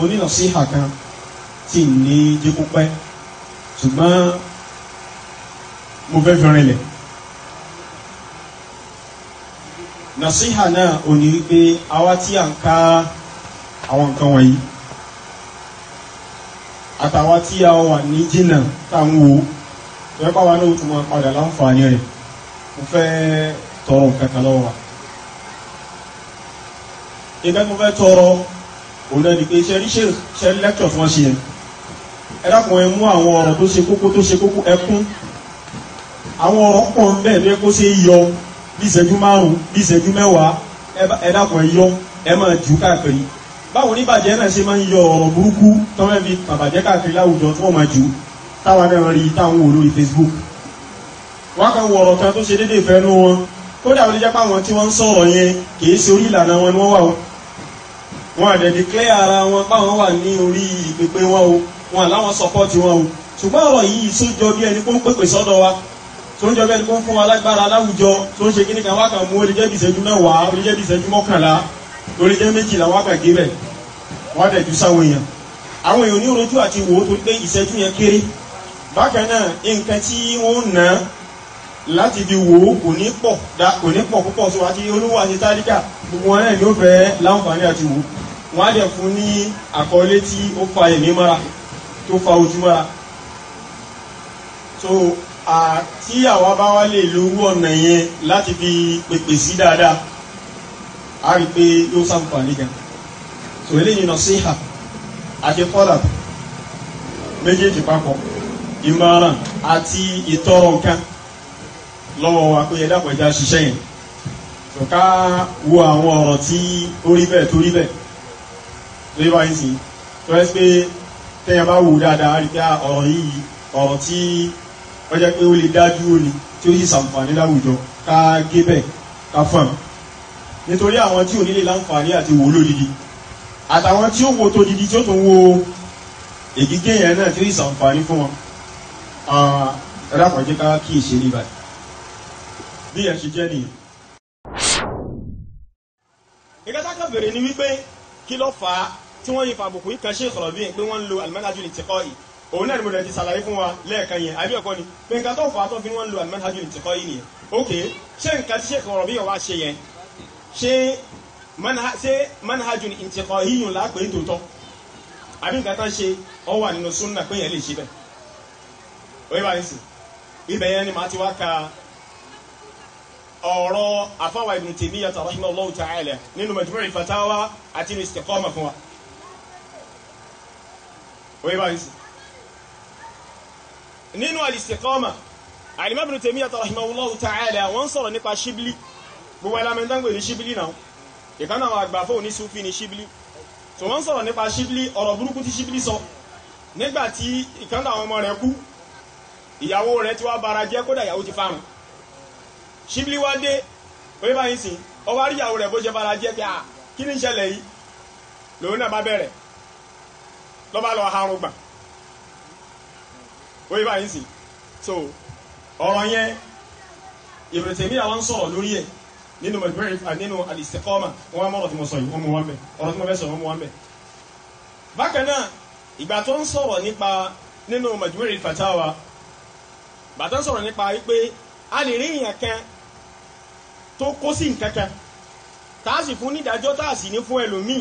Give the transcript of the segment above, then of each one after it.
mo ní nasiha kan tí n ní jẹ́kú pẹ́ ṣùgbọ́n mo fẹ́ fi rinlẹ̀ nasiha náà ò ní wípé àwa tí à ń ka àwọn nǹkan wọ̀nyí àtàwa tí a wà ní jìnnà tá à ń wò ó ẹ bá wa náà tún máa padà láǹfààní rẹ̀ mo fẹ́ tọrọ nǹkan lọ́wọ́ wa ìgbẹ́ mo fẹ́ tọrọ òun náà ni pé iṣẹ́ ríṣẹ́ iṣẹ́ lẹ́kítọ̀ tí wọ́n ṣe yẹn ẹ dákun ẹ mú àwọn ọ̀rọ̀ tó ṣe kókó tó ṣe kókó ẹ kún àwọn ọ̀rọ̀ pọ̀ ń bẹ̀ lóye kó ṣe é yọ bí ìṣẹ́jú márùn-ún bí ìṣẹ́jú mẹ́wàá ẹ dákun ẹ yọ ẹ máa jù káàkiri báwo ní bàjẹ́ náà ṣe máa ń yọ ọ̀rọ̀ burúkú tọ́wọ́ fi bàbàjẹ́ káàkiri láwùjọ tí wọ́n máa jù táwa náà rí táwọn wò lórí Facebook wọ́n kàn wọ ọ̀rọ̀ kan tó ṣe déédéé fẹ́nu wọn kódà ó lè jẹ́ pé àwọn tí wọ́n ń sọ̀rọ̀ yẹn kì í ṣe orí ìlànà wọn ni wọn àdẹ̀ declare ara wọn báwọn wà ní orí ìpèpè wọn o wọn àláwọn support wọn o ṣùgbọ́n ọ̀rọ̀ yìí tó jọ bí ẹni kó ń pèpè sọ́dọ̀ wa tó ń jọ bí ẹni kó ń fún wa lágbára láwùjọ tó ń ṣe kí nìkan wákà mú orí jẹ́bi ìṣẹ́jú mẹ́wàá orí jẹ́bi ìṣẹ́jú mọ́kànlá orí jẹ́ méjìlá wákà gé bẹ̀ wọ́n á dẹ̀ ju sáwọn èèyàn àwọn èèyàn oníròjú àti wò ó torí pé ìṣẹ́jú yẹn kéré bákan náà nǹkan tí wọ́n ná láti fi wò ó kò ní pọ̀ púpọ̀ tó àti olówó àti tálíkà gbogbo wọn náà ni ó fẹ́ láǹfààní àti wò ó wọ́n á dẹ̀ fún ní àkọlé tí ó fa ẹ̀mí mọ́ra tó fa ojú mọ́ra so àti àwa bá wá lè lórú ọ̀nà yẹn láti fi pèpè sí dáadáa a rí pé yóò ṣàǹfààní gan so eléyìí nasiha àti kọ́là méjèèjì papọ̀ ìmọ̀ràn àti ìtọrọ nǹkan lọ́wọ́ wa pé ẹ̀dá pẹ̀já ṣiṣẹ́ yẹn so ká wo àwọn ọ̀rọ̀ tí ó rí bẹ́ẹ̀ tó rí bẹ́ẹ̀ tó yẹ báyìí sí tó yẹ pé tẹ́yìn bá wò dáadáa rí pé ah, ọ̀rọ̀ yìí ọ̀rọ̀ tí ó jẹ́ pé ó lè dá dúró ni tí ó sì ṣàǹfààní láwùjọ ká gé bẹ́ẹ̀ ká fọ̀n nítorí àwọn tí ò nílé láǹfààní àti wò lódìdí àtàwọn tí ó wo tó didi tí ó tún wo ègígé yẹn náà tí ó sì ṣàǹfààní fún wọn rákọ̀jẹ́ ah, ká kí ìṣe ní báyìí bí ẹ̀ ṣe jẹ́ nìyẹn. ìgbà tá a kàn bèrè ni wípé kí ló fà á tí wọ́n yí fa àbùkù yìí kan ṣe ìsọ̀rọ̀bí pé wọ́n ń lo almanhajul intiqai òun náà ni mo lè ti ṣàlàyé fún wa lẹ́ẹ̀kan yẹn àbí ẹ̀kọ́ ni pé nǹkan tó fà á tó fi wọ́n ń lo almanhajul intiqai nìyẹn ok ṣé nǹkan tí ṣe ìsọ̀rọ̀bí yẹn wá ṣe yẹn ṣé manhajul intiqai yìnyín là pé tòótọ́ àbí nǹkan tán ṣe ọ wà nínú súnà pé yẹn lè ṣe bẹ́ẹ̀ òye bá fatawa àti ní Istiqama fún wa oye bá yìí nínú al-istiqama al-imam ibn Taymiyyah rahimahullahu ta'ala wọ́n sọ̀rọ̀ nípa ṣíbílì gbogbo ẹlamẹ́ntángbò ní ṣíbílì náà ìkánà àwọn àgbà fóun ní sufi ní ṣíbílì so wọ́n sọ̀rọ̀ nípa ṣíbílì ọ̀rọ̀ burúkú tí ṣíbílì sọ nígbàtí ìkánà àwọn ọmọ rẹ̀ kú ìyàwó rẹ̀ ti wá bara jẹ́ kódà ìyàwó ti fárun ṣíbílì wá dé oye bá yìí sìn ọwọ́ àríyàwó rẹ̀ bó ṣe bara jẹ́ pé à ah, kí ni ń ṣẹlẹ̀ yìí lòun náà bá bẹ̀rẹ̀ lọ́ba lọ harun gbà oye báyìí sì so ọ̀rọ̀ yẹn Ibn Taymiyyah àwọn ń sọ̀rọ̀ lórí ẹ̀ nínú mẹ̀tẹ́rẹ́ nínú al-Istiqama wọn mọ̀ ọ̀rọ̀ tí mo sọ yìí wọn mú wọn bẹ̀ ọ̀rọ̀ tí mo fẹ́ sọ wọn mú wọn bẹ̀. bákan náà ìgbà tó ń sọ̀rọ̀ nípa nínú Majmu' fatawa bàtà ń sọ̀rọ̀ nípa wípé a lè rí èèyàn kan tó kó sí nǹkan kan tá a sì fún nídàájọ́ tá a sì ní fún ẹlòmíì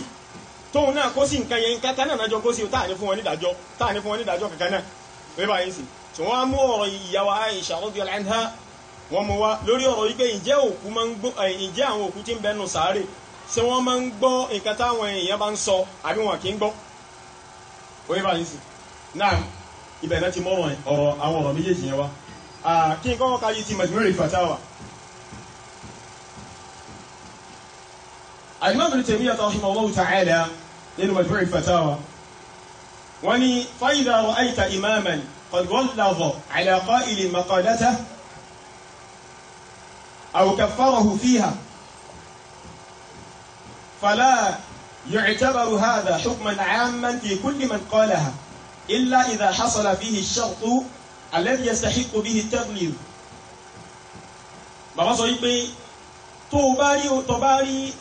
tóun náà kó sí nǹkan yẹn nǹkan kan náà nájọ kó sí táà ní fún wọn nídàjọ́ táà ní fún wọn nídàjọ́ kankan náà wọ́n bá yín sí tí wọ́n á mú ọ̀rọ̀ ìyàwó Aisha radiyallahu anha wọ́n mú wá lórí ọ̀rọ̀ yìí pé ǹjẹ́ òkú máa ń gbọ́ ǹjẹ́ àwọn òkú tí ń bẹnu sàárè ṣé wọ́n máa ń gbọ́ nǹkan táwọn èèyàn bá ń sọ àbí wọn kì í gbọ́ wọ́n bá yín sí náà ibẹ̀ náà ti mọ́rọ̀ ọ̀rọ̀ àwọn ọ̀rọ̀ méjèèjì yẹn wá ta'ala nínú majmu'i fatawa wọ́n ní fa'idha ra'ayta imaman qad ghalladha ala qa'ilin maqalatahu aw kaffarahu fiha fala يعتبر هذا حكما عاما في كل من قالها إلا إذا حصل فيه الشرط الذي يستحق به التغليظ bàbá sọ wípé tó o bá rí tó bá rí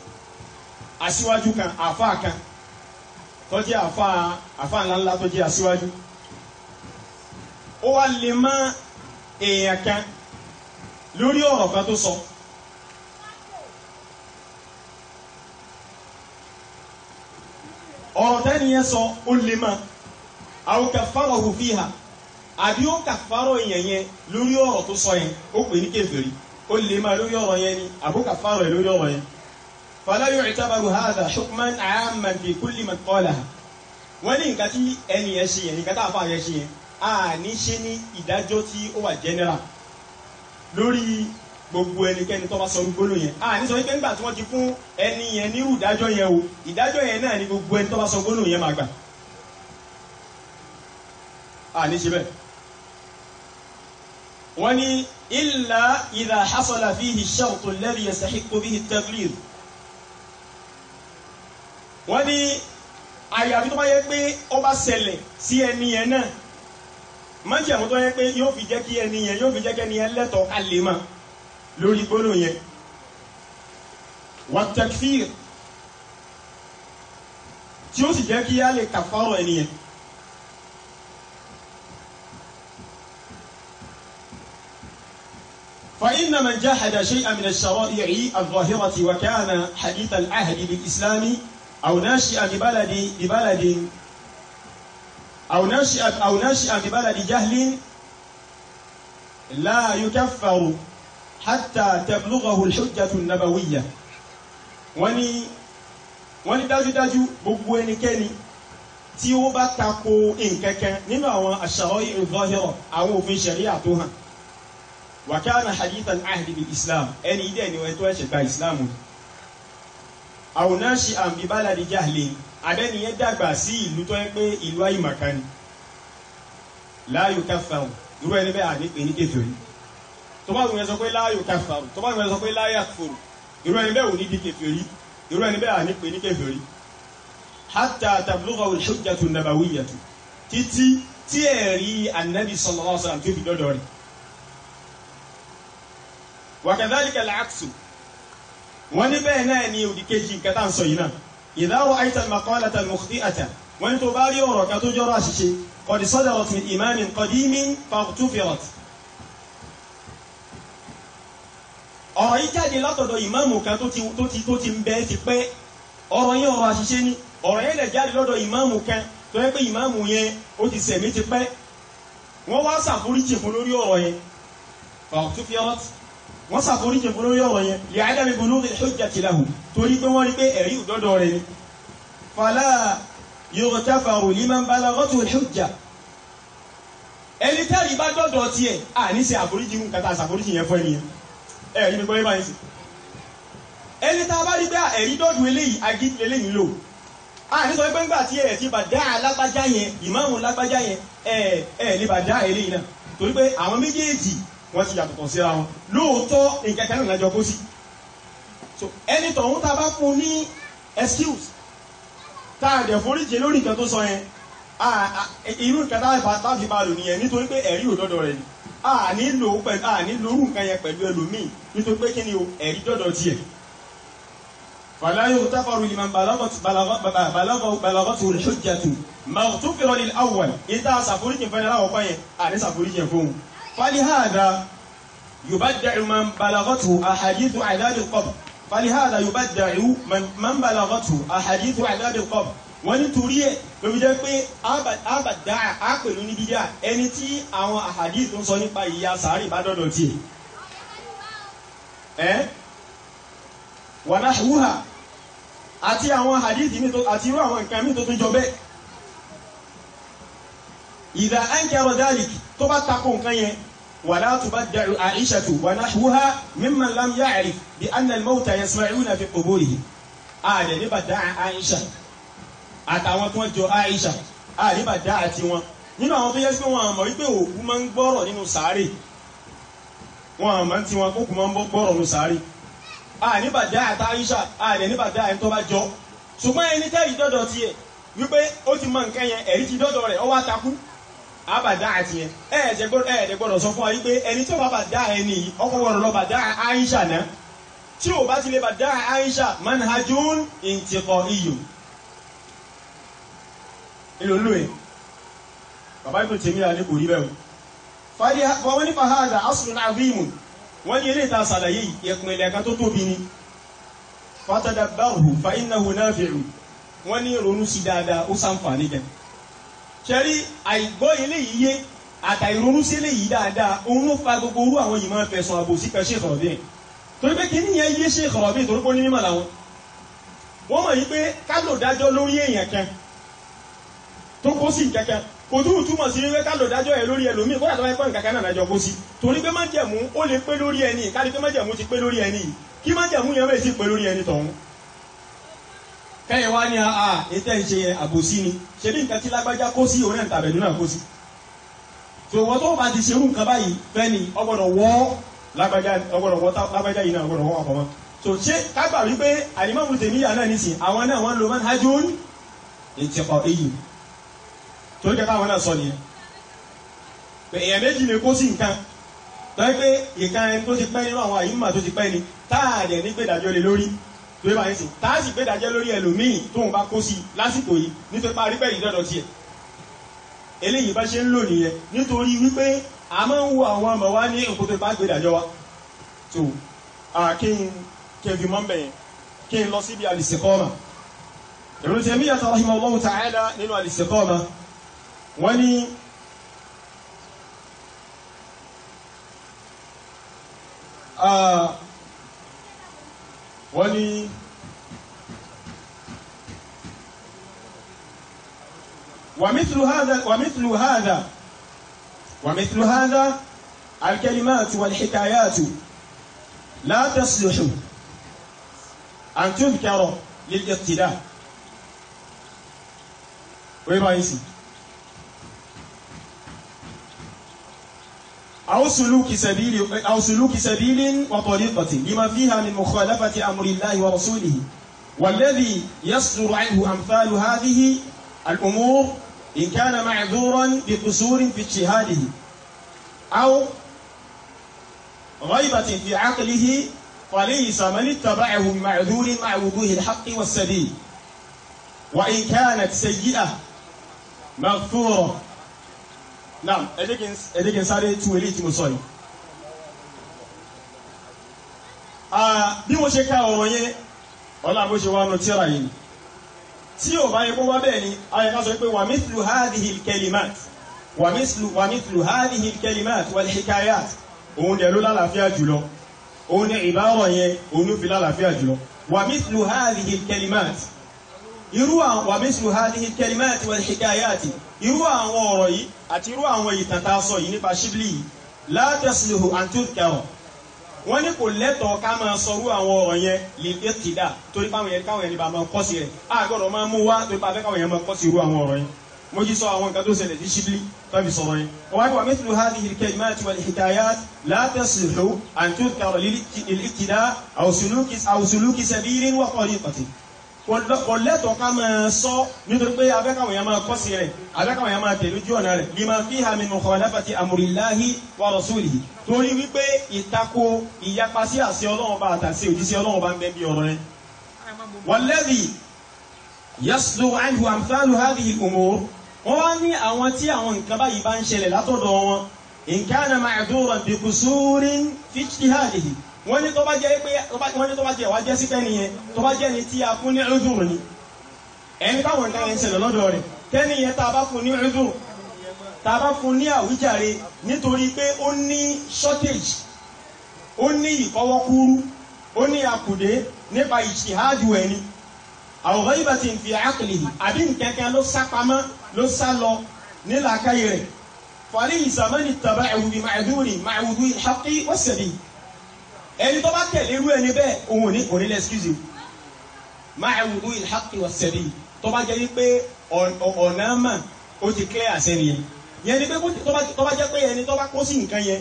aṣíwájú kan àfáà kan tó jẹ́ àfa àfa ńláńlá tó jẹ́ aṣíwájú ó wá lè mọ èèyàn kan lórí ọ̀rọ̀ kan tó sọ. ọ̀rọ̀ tẹ́niyẹn sọ ó lè mọ àwọn kàfàrọ̀ kò fi hà àbí ó kàfàrọ̀ èèyàn yẹn lórí ọ̀rọ̀ tó sọ yẹn ó pè ní kèfèrí ó lè mọ lórí ọ̀rọ̀ yẹn ni àbó kàfàrọ̀ yẹn lórí ọ̀rọ̀ yẹn. فلا يعتبر هذا حكما عاما في كل من قالها wọ́n ní nǹkan tí ẹni yẹn ṣe yẹn nǹkan tá a fà yẹn ṣe yẹn a ní ṣe ní ìdájọ́ tí ó wà general lórí gbogbo ẹnikẹ́ni tó bá sọ gbólò yẹn a ní sọ wípé nígbà tí wọ́n ti fún ẹni yẹn nírú ìdájọ́ yẹn o ìdájọ́ yẹn náà ni gbogbo ẹni tó bá sọ gbólò yẹn máa gbà a ní ṣe bẹ́ẹ̀. wọ́n ní illa idha hasala fihi ash-shartu alladhi yastahiqqu bihi at-taghlib wọ́n ní àyàfi tó bá yẹ pé ó bá ṣẹlẹ̀ sí ẹni yẹn náà májèmú tó yẹ pé yóò fi jẹ́ kí ẹni yẹn yóò fi jẹ́ kí ẹni yẹn lẹ́tọ̀ọ́ ká lè mọ̀ lórí gbólóhùn yẹn wàtẹ́kfíìr tí ó sì jẹ́ kí á lè kàfárọ̀ ẹni yẹn. فإن من شيئا من الشرائع الظاهرة وكان حديث العهد بالإسلام أو نشأ ببلد ببلد أو نشأ أو نشأ ببلد جهل لا يكفر حتى تبلغه الحجة النبوية wọ́n ní wọ́n ní dájúdájú gbogbo ẹnikẹ́ni tí ó bá tako nkankan nínú àwọn ash-shara'i' adh-dhahira àwọn òfin ṣẹ̀ríà tó hàn wa kana hadithan ahdi bil islam ẹni dẹ́ni wọ́n tó ẹ̀ṣẹ̀ gba ìsìlámù ni àwònáṣe àǹbí bálàdé jáde abẹ́niyẹn dàgbà sí ìlú tó yẹ pé ìlú àyìmàkánì láàyò káfàù irú ẹni bẹ́ẹ̀ àní pè ní kèfèrí tó bá wùyẹn sọ pé láàyò káfàù tó bá wùyẹn sọ pé láàyà fòrò irú ẹni bẹ́ẹ̀ ò ní di kèfèrí irú ẹni bẹ́ẹ̀ àní pè ní kèfèrí hatta tablugha al-hujjatu títí tí ẹ̀rí anabi sallallahu alaihi fi dọ́dọ̀ rẹ̀ wa kadhalika wọ́n ní bẹ́ẹ̀ náà ni òdì kejì nǹkan tá à ń sọ yìí náà ìdáwọ̀ àìtàn maqalatan mukhti'ata wọ́n ní tó bá rí ọ̀rọ̀ kan tó jọrọ àṣìṣe qad sadarat min imamin qadimin faghtufirat. ọ̀rọ̀ yìí jáde látọ̀dọ̀ ìmáàmù kan tó ti ń bẹ ti pẹ́ ọ̀rọ̀ yẹn ọ̀rọ̀ àṣìṣe ni ọ̀rọ̀ yẹn lè jáde lọ́dọ̀ ìmáàmù kan tó yẹ pé ìmáàmù yẹn ó ti sẹ̀mí ti pẹ́ wọ́n wá ṣàforíjì fún lórí ọ̀rọ̀ yẹn faghtufirat wọ́n ṣàforíjì fún lórí ọ̀rọ̀ yẹn lè ádámi bọ̀ lórí hujjati lahu torí pé wọ́n rí pé ẹ̀rí òdọ́dọ̀ rẹ̀ ni fàlà yurtafaru liman balagatu hujja ẹni tẹ́rì bá dọ́dọ̀ tiẹ̀ àní ṣe àforíjì nǹkan tá a ṣàforíjì yẹn fún ẹni yẹn ẹ̀rí mi gbọ́ yẹn báyìí sí ẹni tá a bá rí pé ẹ̀rí dọ́dọ̀ eléyìí agi eléyìí lò àní sọ pé ńgbà tí wọ́n sì yàtọ̀tọ̀ síra wọn lóòótọ́ nǹkan kan náà jọ kó sí so ẹni tọ̀hún tá a bá fún ní excuse tá a dẹ̀ foríjì lórí nǹkan tó sọ yẹn irú nǹkan tá a fi máa lò nìyẹn nítorí pé ẹ̀rí òdọ́dọ̀ rẹ̀ ni a nílò pẹ̀lú a nílò orú nǹkan yẹn pẹ̀lú ẹlòmíì nítorí pé kí ni o ẹ̀rí dọ́dọ̀ tiẹ̀ fàlàyé òtáfàrù ìmọ̀ balagọ́tù olùsọ́jà tù màtúfìrọ̀ ní àwọn ìta àsàforíjì fẹ́ni aláwọ̀ kọ́ yẹn àdé sàforíjì fóun فلهذا يبدع من بلغته أحاديث أعداد القبر فلهذا يبدع من من بلغته أحاديث أعداد القبر wọ́n nítorí ẹ̀ ló fi jẹ́ pé àbàdá àpèlú ní bídíà ẹni tí àwọn àhàdíìsì ń sọ nípa ìyà sàárì bá dọ̀dọ̀ tiẹ̀ ẹ́ wàdáṣúhà àti àwọn àhàdíìsì àti irú àwọn nǹkan mí tó tún jọ bẹ́ẹ̀ ìdá ẹnkẹrọ dáàlì tó bá takò nǹkan yẹn ولا تبدع عائشة ونحوها ممن لم يعرف بأن الموت يسمعون في قبورهم ààrẹ níbàdá àìṣà àtàwọn tó ń jọ àìṣà àríbàdá àti wọn nínú àwọn tó yẹ sí pé wọn àmọ́ wípé òkú máa ń gbọ́rọ̀ nínú sàárè wọn àmọ́ tí wọn kókù máa ń gbọ́rọ̀ nínú sàárè àríbàdá àti àìṣà ààrẹ níbàdá àti tó bá jọ ṣùgbọ́n ẹni àbàdá àti yẹn ẹ ẹ ẹ gbọ́dọ̀ sọ fún wa yìí pé ẹni tó bá bàdá ẹni ọkọ gbọ́dọ̀ lọ bàdá Aisha náà tí o bá ti lè bàdá Aisha manhajun ntikọ iyò ìlòlú ẹ bàbá ìpè tèmi àlẹ kò rí bẹ́ẹ̀ o fàdí wọn ní fàhádà aslun azimu wọn ní eléyìí tá a ṣàlàyé ìyẹ̀kùn ilẹ̀ kan tó tóbi ni fatadabbahu fa innahu nafi'u wọn ní ronú sí dáadáa ó sàǹfààní gan-an ṣẹ́rí àìgbọ́ eléyìí yé àtàìrònú sí eléyìí dáadáa òun ló fa gbogbo orú àwọn yìí máa ń fẹ̀sùn àbòsí kan Sheikh Rabi torí pé kí níyẹn yé Sheikh Rabi torí pé onímọ̀ làwọn wọ́n mọ̀ yí pé kálò dájọ́ lórí èèyàn kan tó kó sí kankan kò tún túmọ̀ sí wípé kálò dájọ́ ẹ̀ lórí ẹlòmíì kódà tó bá yẹ pé nǹkan kan náà dájọ́ kó sí torí pé májẹ̀mú ó lè pé lórí ẹni kárí pé májẹ̀mú ti pé lórí ẹni kí májẹ̀mú yẹn bẹ̀rẹ̀ sí pé lórí ẹni tọ̀hún kẹ́yìn wá ní àà ètẹ́ ìṣe àbòsí ni ṣe bí nǹkan tí lágbájá kó sí òun náà tàbẹ̀dún náà kó sí so wọ́n tó bá ti ṣerú nǹkan báyìí fẹ́ni ọgbọ́dọ̀ wọ́ lágbájá ọgbọ́dọ̀ wọ́ lágbájá yìí náà ọgbọ́dọ̀ wọ́ àpamọ́ so ṣé kágbà wípé àdìmọ́mù tèmíyà náà nìsín àwọn náà wọ́n lo manhajun ìtìkọ̀ èyí torí kẹta àwọn náà sọ nìyẹn pé èèyàn méjì lè kó sí nǹkan tọ́ pé ìkan tó ti pẹ́ nínú àwọn àyíǹmà tó ti pẹ́ ni táà dẹ̀ nígbèdájọ́ lé lórí tó yẹ bá yẹ sìn tá a sì gbé ìdájẹ́ lórí ẹlòmíì tóun bá kó sí lásìkò yìí nítorí parí bẹ́ẹ̀ yìí dọ́dọ̀ tiẹ̀ eléyìí bá ṣe ń lò nìyẹn nítorí wípé a máa ń wo àwọn ọmọ wa ní nǹkan tó bá gbé ìdájọ́ wa tó kí n kí n fi mọ́ bẹ̀yẹn kí n lọ síbi al-istiqama Ibn Taymiyyah rahimahullahu ta'ala nínú al-istiqama wọ́n ní uh, wọ́n ní ومثل هذا ومثل هذا ومثل هذا الكلمات والحكايات لا تصلح أن تذكر للاقتداء ويبقى يسير أو سلوك سبيل أو سلوك سبيل وطريقة لما فيها من مخالفة أمر الله ورسوله والذي يصدر عنه أمثال هذه الأمور إن كان معذورا بقصور في اجتهاده أو غيبة في عقله فليس من اتبعه معذور مع وجوه الحق والسبيل وإن كانت سيئة مغفورة naam ẹ jẹ́ kí n sáré tú eléyìí tí mo sọ yìí. bí mo ṣe ka ọ̀rọ̀ yẹn ọ̀la bó ṣe wá nu tíra yìí tí ò bá yẹ kó wá bẹ́ẹ̀ ni ayé ká sọ pé wà mithlu hadhihi kelimat wà mithlu wà mithlu hadhihi kelimat wal hikayat òun dẹ̀ ló lálàáfíà jùlọ òun ní ìbáwọ̀ yẹn òun ló fi lálàáfíà jùlọ wà mithlu hadhihi kelimat irú àwọn wàmísù hadihi kẹlímẹ́ẹ̀tì wal hikayati irú àwọn ọ̀rọ̀ yìí àti irú àwọn ìtàn tá a sọ yìí nípa ṣíbílì yìí la tasluhu an tudhkara wọ́n ní kò lẹ́tọ̀ọ́ ká máa sọrú àwọn ọ̀rọ̀ yẹn lè dé tìdá torí báwọn yẹn káwọn yẹn nípa máa kọ́ sí rẹ̀ á gbọ́dọ̀ máa mú wá torí bá káwọn yẹn máa kọ́ sí irú àwọn ọ̀rọ̀ yẹn mo jí sọ àwọn nǹkan tó ṣẹlẹ̀ ní ṣíbílì tọ́bi sọ̀rọ̀ yẹn wọ́n á ní wàmísù hadihi kẹlímẹ́ẹ̀tì wal hikayati la tasluhu an tudhkara lil iktida aw suluki sabilin wa tariqatin kò lẹ́tọ̀ọ́ ká máa sọ nítorí pé abẹ́kàwọn yẹn máa kọ́sí rẹ̀ abẹ́kàwọn yẹn máa tẹ̀lé ojú ọ̀nà rẹ̀ lima fiha min mukhalafati amrillahi wa rasulihi torí wípé ìtako ìyapa sí àṣẹ Ọlọ́run bá àtàṣe òjíṣẹ́ Ọlọ́run bá ń bẹ́ bí ọ̀rọ̀ rẹ̀. walladhi yaslu anhu amthalu hadhihi al wọ́n wá ní àwọn tí àwọn nǹkan báyìí bá ń ṣẹlẹ̀ látọ̀dọ̀ wọn in kana ma'duran bi qusurin fi ijtihadihi wọ́n ní tó bá jẹ́ pé wọ́n ní tó bá jẹ́ wá jẹ́ sípẹ́ nìyẹn tó bá jẹ́ ni tí a fún ní ọdún ni ẹni táwọn nǹkan yẹn ṣẹlẹ̀ lọ́dọ̀ rẹ̀ tẹ́ni yẹn tá a bá fún ní ọdún tá a bá fún ní àwíjàre nítorí pé ó ní shortage ó ní ìkọwọ́kúrú ó ní àkùdé nípa ìṣìhájú ẹni àwòrán yìí bá ti ń fi àkìlì àbí nkẹ́kẹ́ ló sá pamọ́ ló sá lọ nílàákàyè rẹ̀ fàlẹ́ ìsàmẹ́ni tàbá ẹ̀wù ẹni tó bá tẹ̀lé irú ẹni bẹ́ẹ̀ òun ò ní kò ní lẹ́ ẹ́skúzì máa ẹ̀ wùdú ìlhàkì wà sẹ́bi tó bá jẹ́ wípé ọ̀nà mà ó ti clear àṣẹ nìyẹn yẹn ni pé tó bá jẹ́ pé ẹni tó bá kó sí nǹkan yẹn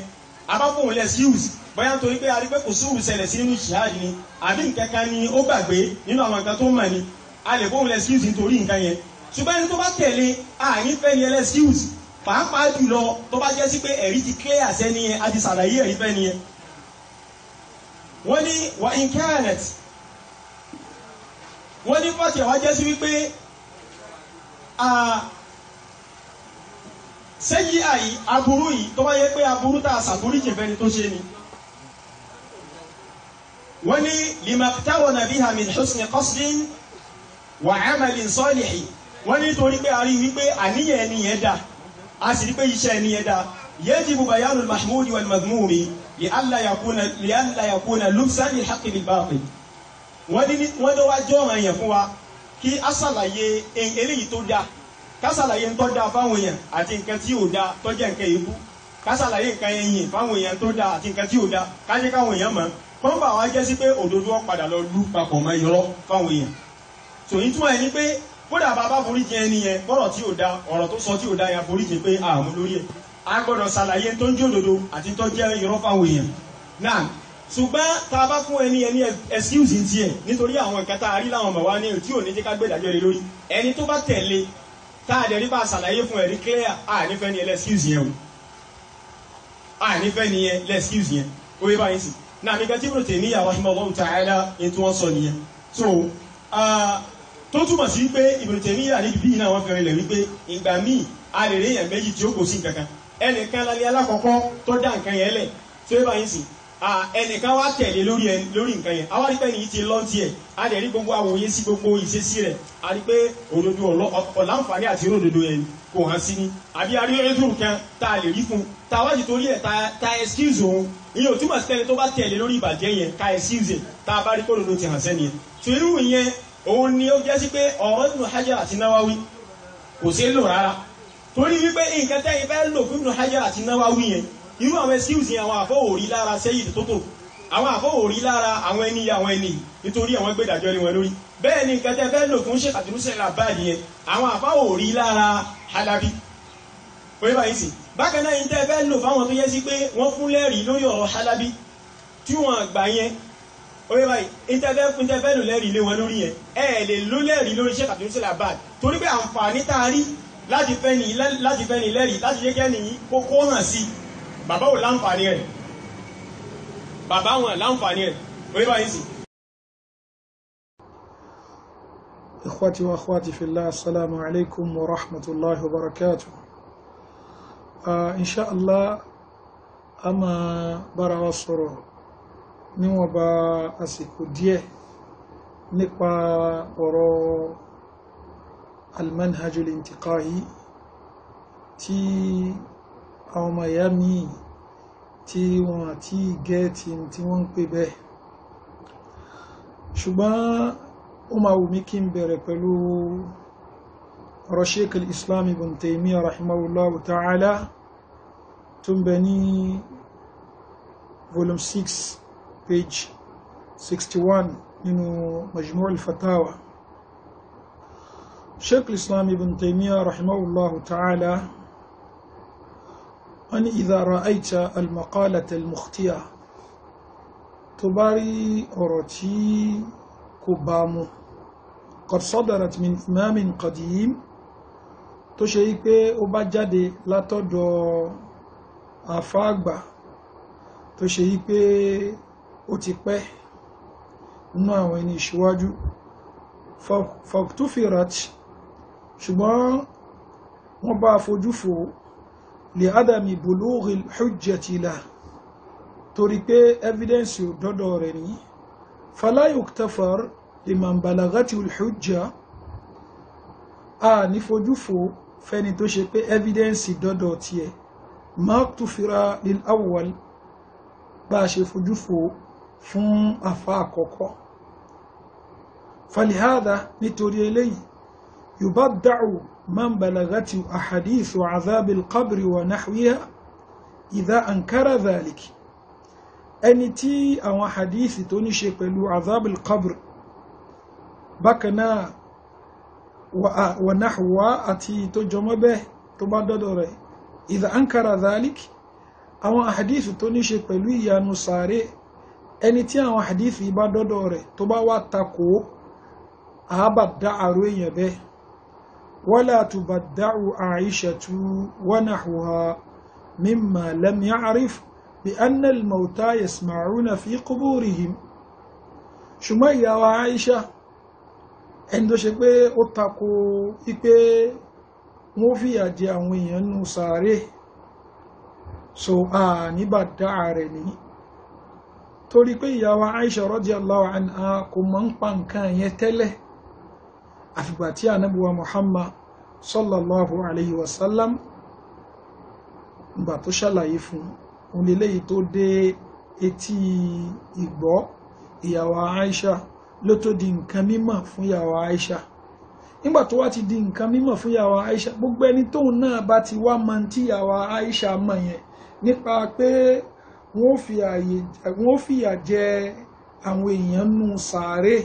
abáfóhùn lẹ́ ẹ́skúzì bóyá nítorí pé arí pé kò sóòrù ṣẹlẹ̀ sí nínú jihadi ni àbí nǹkan kan ni ó gbàgbé nínú àwọn nǹkan tó mà ni a lè fóhùn lẹ́ nítorí nǹkan yẹn ṣùgbọ́n ẹni tó bá tẹ̀lé àní fẹ́ ni ẹlẹ́skúzì pàápàá jùlọ tó bá jẹ́ sí pé ẹ̀rí ti clear àṣẹ nìyẹn a ti ẹ̀rí fẹ́ nìyẹn wọ́n ní wà incarnet wọ́n ní pàtẹ wá jẹ́ sí wípé sẹ́yí àyí aburú yìí tó bá yẹ pé aburú tá a ṣàforíjì fẹ́ni tó ṣe ni wọ́n ní limaktawa nabi hamid husni qasdin wà amalin salihi wọ́n ní torí pé a rí wípé àníyàn ẹni yẹn dá a sì rí pé iṣẹ́ ẹni yẹn dá yajibu bayanul mahmudi wal madhmumi li'alla yakuna li'alla yakuna lubsan lil haqqi bil batil wọ́n ní wọ́n tó wá jọ́ ọ̀ràn yẹn fún wa kí a ṣàlàyé eléyìí tó dáa ká ṣàlàyé tó dáa fáwọn èèyàn àti nǹkan tí ò dáa tó jẹ́ nǹkan èébú ká ṣàlàyé nǹkan ẹ̀yìn fáwọn èèyàn tó dáa àti nǹkan tí ò dáa ká jẹ́ káwọn èèyàn mọ̀ kọ́ńbà wa jẹ́ sí pé òdodo wọn padà lọ lú papọ̀ mọ́ irọ́ fáwọn èèyàn tòyí túmọ̀ ẹni pé kódà bàbá foríjì ẹni yẹn bọ́rọ̀ tí ò dáa ọ̀rọ̀ tó sọ tí ò dáa yẹn foríjì pé àmú lórí a gbọ́dọ̀ ṣàlàyé tó ń jẹ́ òdodo àti tó jẹ́ irọ́ fáwọn èèyàn náà ṣùgbọ́n tá a bá fún ẹni ẹni ẹsíùsì tiẹ̀ nítorí àwọn nǹkan tá a rí láwọn màwá ní tí ò ní jẹ́ ká gbé ìdájọ́ rẹ lórí ẹni tó bá tẹ̀lé tá a dẹ̀ rí bá ṣàlàyé fún ẹ̀rí clear a nífẹ̀ẹ́ ni ẹlẹ́síùsì yẹn o a nífẹ̀ẹ́ ni ẹlẹ́síùsì yẹn ó yẹ báyìí sí náà mi gàtí bùrọ̀tì ní àwọn ọmọ ọlọ́run tá a yẹ dá ẹni tí wọ́n sọ nìyẹn so tó túmọ̀ sí pé Ibn Taymiyyah níbi bíi náà wọ́n fẹ́rẹ̀ lẹ̀ wípé ìgbà míì a lè rí èèyàn méjì tí ó kò sí nǹkan kan ẹnìkan lálẹ́ alákọ̀ọ́kọ́ tó dá nǹkan yẹn lẹ̀ tó yẹ báyìí sìn ẹnìkan wá tẹ̀lé lórí ẹ lórí nǹkan yẹn àwọn àdìpẹ́ nìyí ti lọ́n tiẹ̀ a dẹ̀ rí gbogbo àwòye sí gbogbo ìṣesí rẹ̀ a rí pé òdodo ọ̀làǹfààní àti òdodo yẹn kò hàn sí ni àbí a rí ẹ̀dùn kan tá a lè rí fún un tá a wájú torí ẹ̀ ta excuse òun ìyẹn ò túmọ̀ sí pẹ́ni tó bá tẹ̀lé lórí ìbàjẹ́ yẹn ká excuse tá a bá rí kódodo ti hàn sẹ́ni yẹn tó irú yẹn òun ni ó jẹ́ sí pé ọ̀rọ̀ nù Hajar àti Nawawi kò sí lò rárá torí wípé nǹkan tẹ́yìn fẹ́ lò fún Ibn Hajar àti Nawawi yẹn irú àwọn excuse yẹn àwọn àfọwòrí lára sẹ́yìn tó tó àwọn àfọwòrí lára àwọn ẹni àwọn ẹni nítorí àwọn gbẹ̀dàjọ́ rí wọn lórí bẹ́ẹ̀ ni nǹkan tẹ́ fẹ́ lò fún Sheikh Halabi pé báyìí sì bákan náà yìí tẹ́ fẹ́ lò Halabi tí wọ́n gbà yẹn oye báyìí ìtẹ́fẹ́ fún ìtẹ́fẹ́ lò lẹ́rìí lé wọn lórí yẹn ẹ lè ló lẹ́rìí lórí Sheikh àtúnṣe Albani torí pé àǹfààní tá a rí láti fẹ́ ní láti fẹ́ ní lẹ́rìí láti jẹ́ kẹ́ni kókó hàn sí bàbá ò láǹfààní ẹ̀ bàbá wọn láǹfààní ẹ̀ orí báyìí sí. ikhwati wa akhwati fillah assalamu alaikum wa rahmatullahi wa barakatuh insha Allah a máa bára wa sọ̀rọ̀ níwọ̀n bá àsìkò díẹ̀ nípa ọ̀rọ̀ المنهج الانتقائي تي او ميامي تي و تي جاتين تي وان بيبه شبا اما وميكين بيرقلو رشيك الاسلام بن تيمية رحمه الله تعالى تنبني فولوم 6 بيج 61 من مجموع الفتاوى Şeyh İslam İbn Teymiye rahimahullahu taala ani idha ra'ayta al-maqalata al-mukhtiya tó bá rí ọ̀rọ̀ tí kò bá mu qad sadarat min imamin qadim tó ṣe yí pé ó bá jáde látọ̀dọ̀ àfáàgbà tó ṣe yí pé ó ti pẹ́ nínú àwọn ẹni ìṣíwájú faktufirat ṣùgbọ́n wọ́n bá fojú fò lè adami bulughi hujjati la torí pé evidence ò dọ́dọ̀ rẹ̀ ní fala yuktafar liman balagati hujja a ní fojú fò fẹ́ni tó ṣe pé evidence dọ́dọ̀ tiẹ̀ maktufira lil awwal bá ṣe fojú fún àfa àkọ́kọ́ falihada nítorí eléyìí يبدع من بلغت أحاديث عذاب القبر ونحوها إذا أنكر ذلك ẹni tí àwọn hadithi tó ní ṣe pẹ̀lú azabil qabr bákanáà wa nahwa àti tó jọmọ́ bẹ́ẹ̀ tó bá dọ́dọ̀ rẹ̀ idha ankara dhalik àwọn hadithi tó ní ṣe pẹ̀lú ìyanu sàárè ẹni tí àwọn hadithi bá dọ́dọ̀ rẹ̀ tó bá wá takò àábà dá àrò èèyàn bẹ́ẹ̀ ولا تبدع عائشة ونحوها مما لم يعرف بأن الموتى يسمعون في قبورهم ṣùgbọ́n ìyá wa Aisha ẹni tó ṣe pé ó tako ipé wọ́n fìyà jẹ àwọn èèyàn nù sàárè so a nígbà dá rẹ̀ ní torí pé ìyá wa Aisha radiyallahu anha kò mọ̀ pa nǹkan yẹn tẹ́lẹ̀ àfìgbà tí ànábùwà Muhammad sallallahu alayhi wa sallam ìgbà tó ṣàlàyé fún un léléyìí tó dé etí ìgbọ́ ìyàwó Aisha ló tó di nǹkan mímọ̀ fún ìyàwó Aisha nígbà tó wá ti di nǹkan mímọ̀ fún ìyàwó Aisha gbogbo ẹni tóun náà bá ti wá mọ tí ìyàwó Aisha mọ̀ yẹn nípa pé wọ́n fìyà jẹ àwọn èèyàn nù sàárè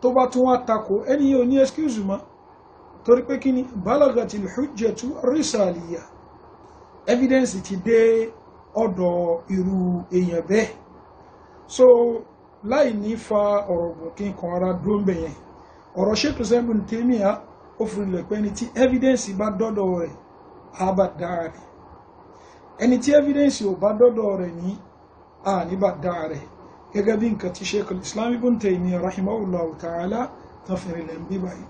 tó bá tún wá takò ẹni yìí ò ní excuse mọ́ torí pé kí ni balagati hujjatu risaliya evidence ti dé ọ̀dọ̀ irú èèyàn bẹ́ẹ̀ so láì ní fa ọ̀rọ̀ gòkè kan ara dúró ń bẹ̀ yẹn ọ̀rọ̀ ṣètò sẹ́gun tèmíà ó fi rilẹ̀ pé ẹni tí evidence bá dọ́dọ̀ rẹ̀ á bá dáa rẹ̀ ẹni tí evidence ò bá dọ́dọ̀ rẹ̀ ní à ní bá dáa rẹ̀ gẹ́gẹ́ bí nǹkan tí sheikh al-islam ibn taymiyyah rahimahullah ta'ala tán fi rilẹ̀ ń bí báyìí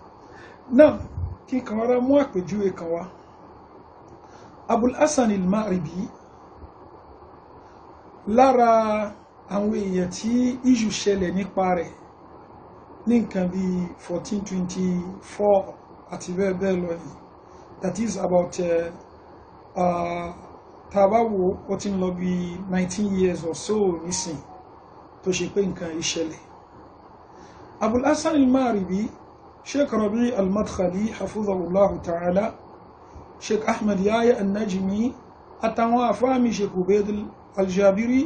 náà kí kan rárá mú àpèjúwe kan wá Abul Hasan al-Maribi lára àwọn èèyàn tí iṣu ṣẹlẹ̀ nípa rẹ̀ ní nǹkan bí 1424 àti bẹ́ẹ̀ bẹ́ẹ̀ lọ yìí that is about eh, ah, tàbáwo ó ti ń lọ bí 19 years or so nísìn tó ṣe pé nǹkan ìṣẹ̀lẹ̀ Abul Hasan al Sheikh Rabi al-Madkhali hafizahullahu ta'ala Sheikh Ahmad Yahya an-Najmi àtàwọn àfáàmì Sheikh Ubayd al-Jabiri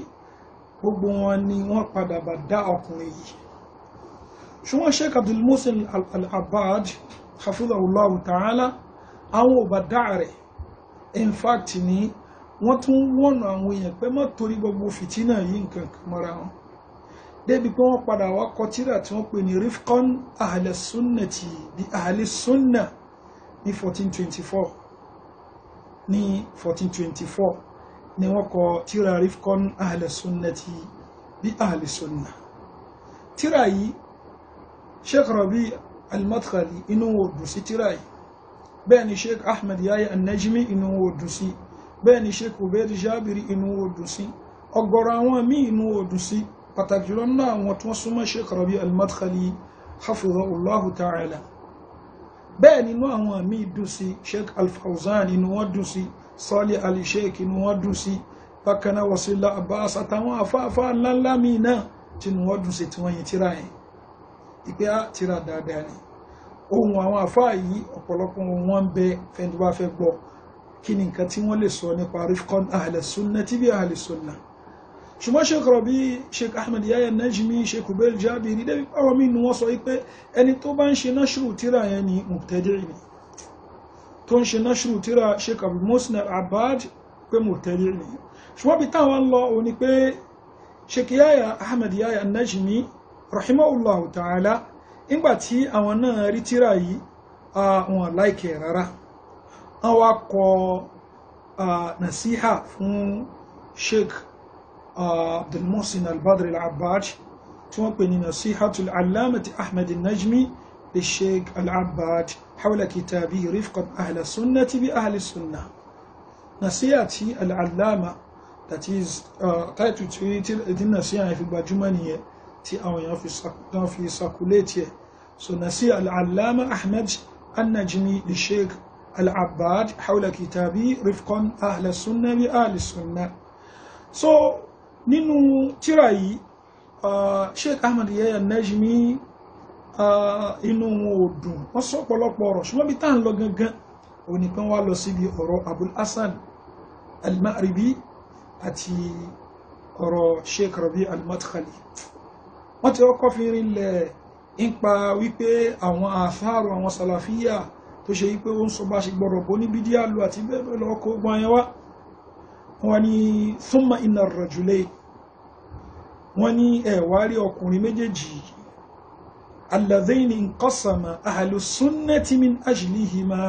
gbogbo wọn ni wọ́n padà bá dá ọkùnrin yìí ṣùgbọ́n Sheikh Abdul Muhsin al-Abbad hafizahullahu ta'ala àwọn ò bá dá rẹ̀ in fact ni wọ́n tún wọ́nà débi pé wọ́n padà wá kọ tírà tí wọ́n pè ní rifkon ahlẹ̀ sunna ti di ahlẹ̀ sunna ní 1424 ní 1424 ni wọ́n kọ tírà rifkon ahlẹ̀ sunna ti di ahlẹ̀ sunna tírà yìí sheikh rabi al-madkhali inú wo dùn sí tírà yìí bẹ́ẹ̀ ni sheikh ahmed yaya an inú wo sí bẹ́ẹ̀ ni sheikh ubaid jabiri inú wo sí ọ̀gọ̀rọ̀ àwọn míì inú wo sí pàtàkì jùlọ nínú àwọn tí wọ́n súnmọ́ Sheikh Rabi al-Madkhali hafizahullahu ta'ala bẹ́ẹ̀ nínú àwọn míì dùn sí Sheikh al-Fawzan inú wọn dùn sí Salih al-Sheikh inú wọn dùn sí bákan náà Wasila Abbas àtàwọn afáfá ńláńlá míì náà tinú wọn dùn sí tí wọ́n yẹn tíra yẹn ìpé á tíra dáadáa ni ohun àwọn àfáà yìí ọ̀pọ̀lọpọ̀ wọn bẹ fẹ́ni tó bá fẹ́ gbọ́ kí ni nǹkan tí wọ́n lè sọ nípa rifkon ahlẹ̀ sunna tí ahlẹ̀ sunna ṣùgbọ́n sheikh rabi sheikh ahmed yahya najmi sheikh ubel jabiri débi pàwọn mínú wọn sọ wípé ẹni tó bá ń ṣe náṣírù tíra yẹn ni mubtadi' ni tó ń ṣe náṣírù tíra sheikh abdul muhsin al-abbad pé mubtadi' ni ṣùgbọ́n bí táwọn lọ ò ní pé sheikh yahya ahmed yahya najmi rahimahullahu ta'ala ńgbà tí àwọn náà rí tíra yìí àwọn láìkẹ̀ rárá àwọn akọ nasiha fún sheikh Abdel Mohsin al-Badr al-Abbad tí wọ́n pè ní nasihatul alamati Ahmed al-Najmi lè Sheikh al-Abbad hawla kitabi rifqat ahla sunnati bi ahli sunnah nasiha ti al-alama that is title tí ó ti nasiha yẹn fi gbajúmọ̀ nìyẹn tí àwọn èèyàn fi circulate yẹ so nasiha al-alama Ahmed al-Najmi lè Sheikh al-Abbad hawla kitabi rifqat ahla sunnah bi ahli sunnah so nínú tíra yìí uh, Sheikh Ahmad Yahya Najmi uh, inú wọn ò dùn wọ́n sọ ọ̀pọ̀lọpọ̀ ọ̀rọ̀ ṣùgbọ́n bí tá à ń lọ gangan òun nìkan lọ síbi ọ̀rọ̀ Abul Hasan al-Ma'ribi àti ọ̀rọ̀ Sheikh Rabi al-Madkhali wọ́n ti kọ́kọ́ fi rinlẹ̀ nípa wípé àwọn àfáàrù àwọn sàlàfíà tó ṣe wípé ó ń sọ bá ṣe gbọ́rọ̀ bó ní bídíà lu àti bẹ́ẹ̀ bẹ́ẹ̀ lọ́kọ́ gbọ́n yẹn wá wọ́n ní súnmọ́ iná rọ̀jùlẹ̀ wọ́n ní ẹ̀wárí ọkùnrin méjèèjì alladhaini inqasama ahlu sunnati min ajlihima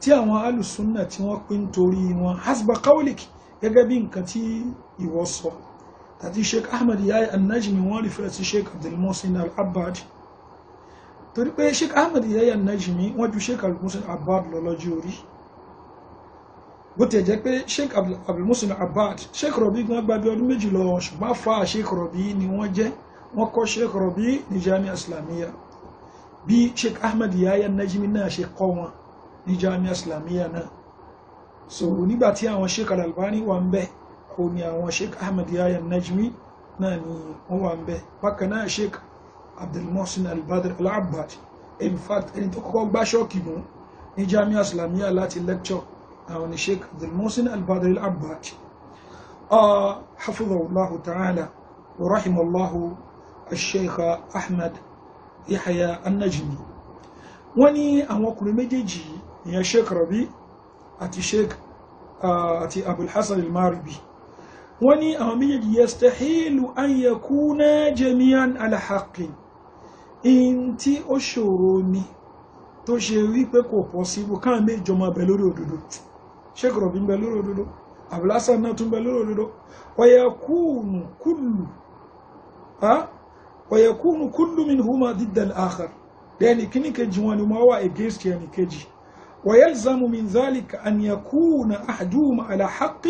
tí àwọn ahlu sunnati tí wọ́n pín torí wọn hasba qawlik gẹ́gẹ́ bí nǹkan tí ìwọ sọ àti sheik ahmed yahya an-najmi wọ́n rí fẹ́ sí sheik abdulmusin al-abbad torí pé sheik ahmed yahya an-najmi wọ́n ju sheik abdulmusin al-abbad lọ lọ́jọ́ orí bó ti jẹ́ pé sheikh abdulmusin abad sheikh rọ̀bí gan gba bí ọdún méjì lọ ṣùgbọ́n afa sheikh rọ̀bí ni wọ́n jẹ́ wọ́n kọ́ sheikh rọ̀bí ní jamia islamiyya bí sheikh ahmed yahya najmi náà ṣe kọ́ wọn ní jamia islamiyya náà so nígbà tí àwọn sheikh alalbani wà ń bẹ kò ní àwọn sheikh ahmed yahya najmi náà ni wọ́n wà ń bẹ bákan náà sheikh abdulmusin albadr alabbad in fact ẹni tó kọ́kọ́ gbá ṣọ́ọ̀kì mú ní jamia islamiyya láti lecture أو نشيك عبد الموسن البدر العباد آه حفظه الله تعالى ورحم الله الشيخ أحمد يحيى النجمي وني أمو كل مجيجي يا شيخ ربي أتي شيخ آه، أتي أبو الحسن الماربي وني أهو مجيجي يستحيل أن يكون جميعا على حق إنتي أشوروني tó ṣe wípé kò pọ̀ sí ibùkán méjọ máa bẹ̀ sheik rọ̀bí ń bẹ lórí òdodo abúlásán náà tún bẹ lórí òdodo wayakunu kullu ha wayakunu kullu min huma didda al-akhar yani kejì wọn ni wọ́n wà against yani kejì ويلزم من ذلك أن يكون أحدهم على حق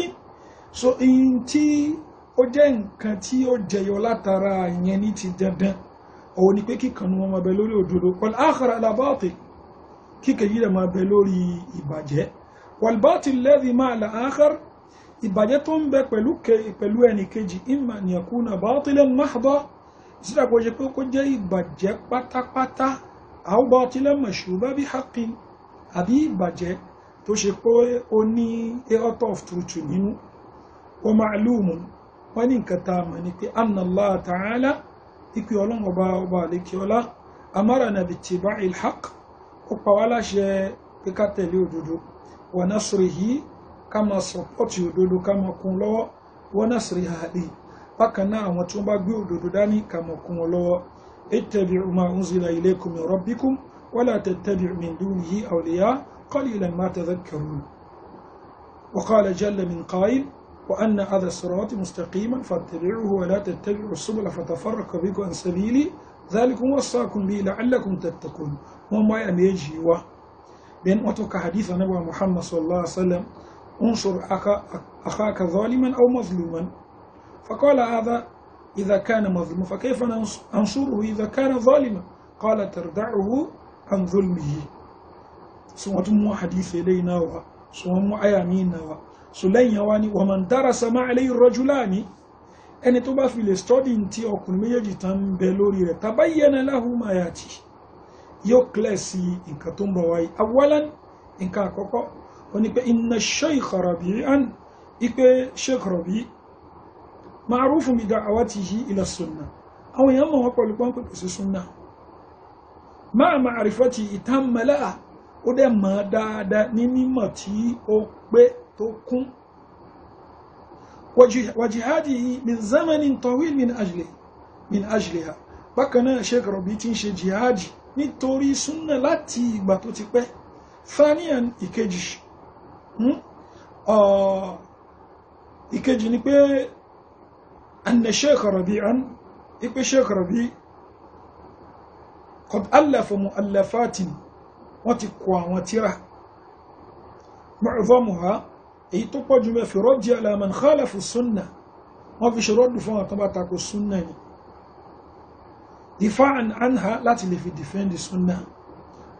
so in tí ó jẹ́ nǹkan tí ó jẹyọ látara ìyẹn ní ti dandan òun ni pé kíkan ní wọn máa bẹ lórí òdodo wal akhar ala batil yìí rẹ̀ máa bẹ lórí ìbàjẹ́ والباطل الذي مع الآخر ìbàjẹ́ tó ń bẹ pẹ̀lú ẹnì kejì ìmà ní ẹ̀kúnà batilan mahda síra kò jẹ́ pé kó jẹ́ ìbàjẹ́ pátápátá aw batilan mashruba bí haqqin àbí ìbàjẹ́ tó ṣe pé ó ní a out of truth nínú wa ma'lumun wọ́n ní nǹkan tá a mọ̀ ní pé anna Allah ta'ala ipi ọba ọba àlékiọlá amárànà bìtìbá ilhaq ó pa wá láṣẹ pé òdodo ونصره كما سقط يدود كما كنلو ونصره هالي فكنا نعم ومتومبا يدود داني كما كنلو اتبع ما أنزل إليكم من ربكم ولا تتبع من دونه أولياء قليلا ما تذكرون وقال جل من قائل وأن هذا الصراط مستقيما فاتبعوه ولا تتبعوا السبل فتفرق بكم عن سبيلي ذلكم وصاكم به لعلكم تتقون وما يجيوه then watoka hadithi anabi wa Muhammad sallallahu alaihi wasallam unsur akhaka zaliman au mazluman faqala hadha idha kana mazluman fakayfa ansuruhu idha kana zaliman qala tarda'uhu an dhulmihi so watu mu hadithi ilayna wa so mu ayamina wa so lẹ́yìn wa ni wa man darasa ma alayhi rajulani ẹni tó bá fi lè study tí ọkùnrin méjèèjì tán ń bẹ lórí tabayyana lahu ma yati yóò kílẹ̀ sí nǹkan tó ń bọ̀ wáyé awalan nǹkan àkọ́kọ́ ó ní pé inna Sheikh Rabi'an ipe Sheikh Rabi ma'rufun bi da'awatihi ila sunnah àwọn èèyàn mọ̀ wọ́n pẹ̀lú pọ́ńpẹ́ pèsè sunnah máa ma'rifati ìtàmọ́lá ó dẹ̀ mọ̀ dáadáa ní mímọ̀ tí ó pé tó kún wajihadihi min zamanin tawil min ajliha bákan náà Sheikh Rabi ti ń ṣe jihadi nítorí súnà láti ìgbà tó ti pẹ́ fanian ìkejì hmm? ìkejì ni pé anna sheikh rabi'an ipe sheikh rabi qad allafa mu'allafatin wọ́n ti kọ àwọn tírà mu'zamuha èyí tó pọ̀jù mẹ́fì rọ́jì ala man khalafu súnà wọ́n fi ṣe rọ́dù fún àtọ́bátako súnà ni دفاعا عنها لا تلفي ديفند السنة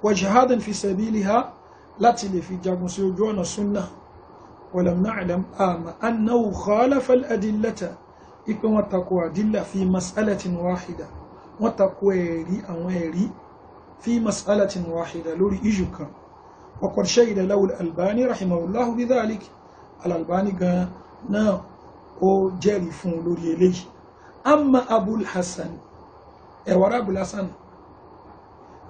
وجهادا في سبيلها لا تلفي جاموسيو جون السنة ولم نعلم آما أنه خالف الأدلة إكما تقوى دلة في مسألة واحدة وتقوى إري أمري في مسألة واحدة لوري إجوكا وقد شهد له الألباني رحمه الله بذلك الألباني قال نا نعم، أو جاري فون لوري إليه أما أبو الحسن ẹ̀wọ̀ arábù lásán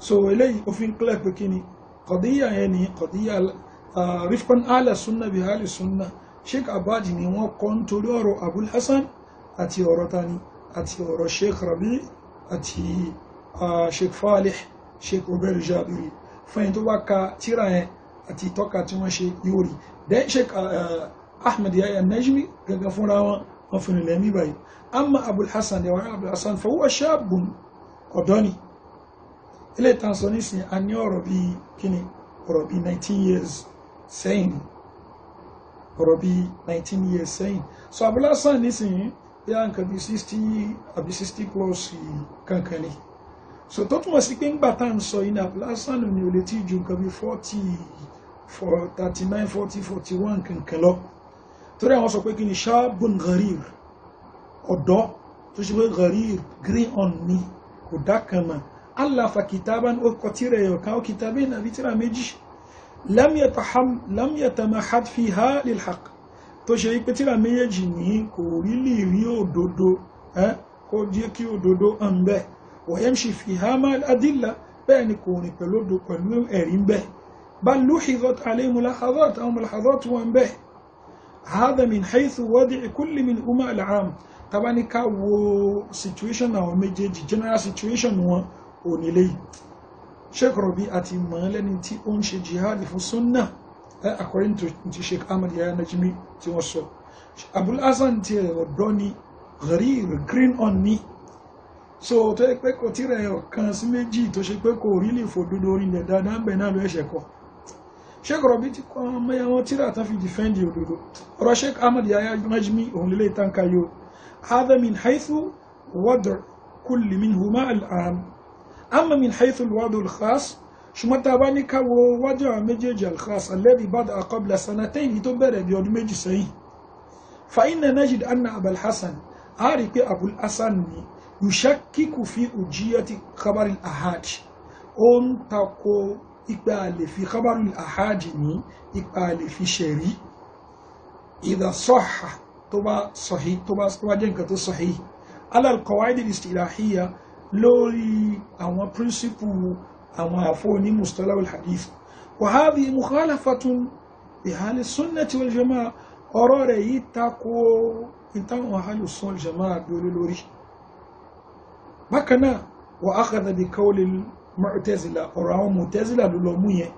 so eléyìí òfin clear pé kí ni kọ̀díyà yẹn ni kọ̀díyà rifkan ala sunna bi ali sunna sheikh abadi ni wọ́n kọ́ nítorí ọ̀rọ̀ abul hasan àti ọ̀rọ̀ tani àti ọ̀rọ̀ sheikh rabi àti sheikh falih sheikh obere jabiri fún ẹni ka tíra yẹn àti tọ́ka tí wọ́n ṣe yóò rí then sheikh ahmed yahya najmi gẹ́gẹ́ fúnra wọn wọ́n fi rìnlẹ̀ ní báyìí amma abul hasan dẹ̀ wọ́n abul hasan fọwọ́ ṣáàbùn ọ̀dọ́ ni ilé ìtàn sọ nísìnyí a ní ọ̀rọ̀ bíi 19 years sẹ́yìn ọ̀rọ̀ 19 years sẹ́yìn so abul hasan nísìnyí bí a nǹkan bíi 60 àbí 60 plus kankan ni so tó túmọ̀ sí pé ńgbà tá à ń sọ yìí ní abul hasan ni tí ju nǹkan bíi 40 39 40 41 kankan lọ torí àwọn sọ pé kí ni ṣáàbùn gharir ọ̀dọ́ tó ṣe pé gharir green on ni kò dákanmà allafa kitaban ó kọ tírà ẹ̀yọ̀kan ó kitabi nàbí tírà méjì lam yatamahad fiha lil haqq tó ṣe pé tírà méjì ní kò rí lè rí òdodo kó jẹ́ kí òdodo hàn bẹ́ẹ̀ wa yamshi fiha mal adilla bẹ́ẹ̀ ni kò rìn pẹ̀lú ẹ̀rí ń bẹ́ẹ̀ bal luhizat alayhi mulahazat àwọn mulahazat wọn bẹ́ẹ̀ هذا من حيث وضع كل من أمة العام طبعا كا و situation àwọn méjèèjì general situation wọn ò nílé Sheikh Rabi àti mọ̀ọ́lẹ́ni tí ó ń ṣe jihadi fún sunna according to ti Sheikh Ahmad Yahya Najmi tí wọ́n sọ Abul Hasan ti ọ̀dọ́ ni gharir green on ni so tó yẹ pé kò tí rẹ̀ ọ̀kan sí méjì tó ṣe pé kò rí lè fòdodo orin lẹ̀ dáadáa ń bẹ̀ náà ló ẹ̀ṣẹ̀ kọ́ sheik rọ̀bí ti kọ́ ọmọ ẹ̀yà wọn tíra tán fi dìfẹ́ndì òdodo ọ̀rọ̀ sheik ahmed yahya majmi òun lélẹ̀ ìtànkà yóò hadha min haythu wọ́dọ̀ kulli minhuma al'am amma min haythu wọ́dọ̀ al-khas ṣùgbọ́n tá a bá ní káwọ wájú àwọn méjèèjì al-khas alladhi bada qabla sanatayn tó bẹ̀rẹ̀ bí ọdún méjì sẹ́yìn fa inna najid anna abul hasan a rí pé abul hasan ni yushakkiku fi ujiyati khabar al-ahad ó ipa lè fi khabaru ahadi ní ipa lè fi ṣẹ̀rí ìdá sọ́ha tó bá sọ̀hí tó bá jẹ́ nǹkan tó sọ̀hí alalkọ̀wáìdì istilahiyya lórí àwọn príncipù àwọn àfọ́ ní mustalah alhadith wa hadhi mukhalafatun ìhàlẹ̀ sunnati wal jama'a ọ̀rọ̀ rẹ̀ yìí takò ìtàwọn ahàlù sunnati wal jama'a dúró lórí bákan náà wa akhadha bi mọ̀tẹ́sílà ọ̀rọ̀ àwọn mọ̀tẹ́sílà ló lọ mú yẹn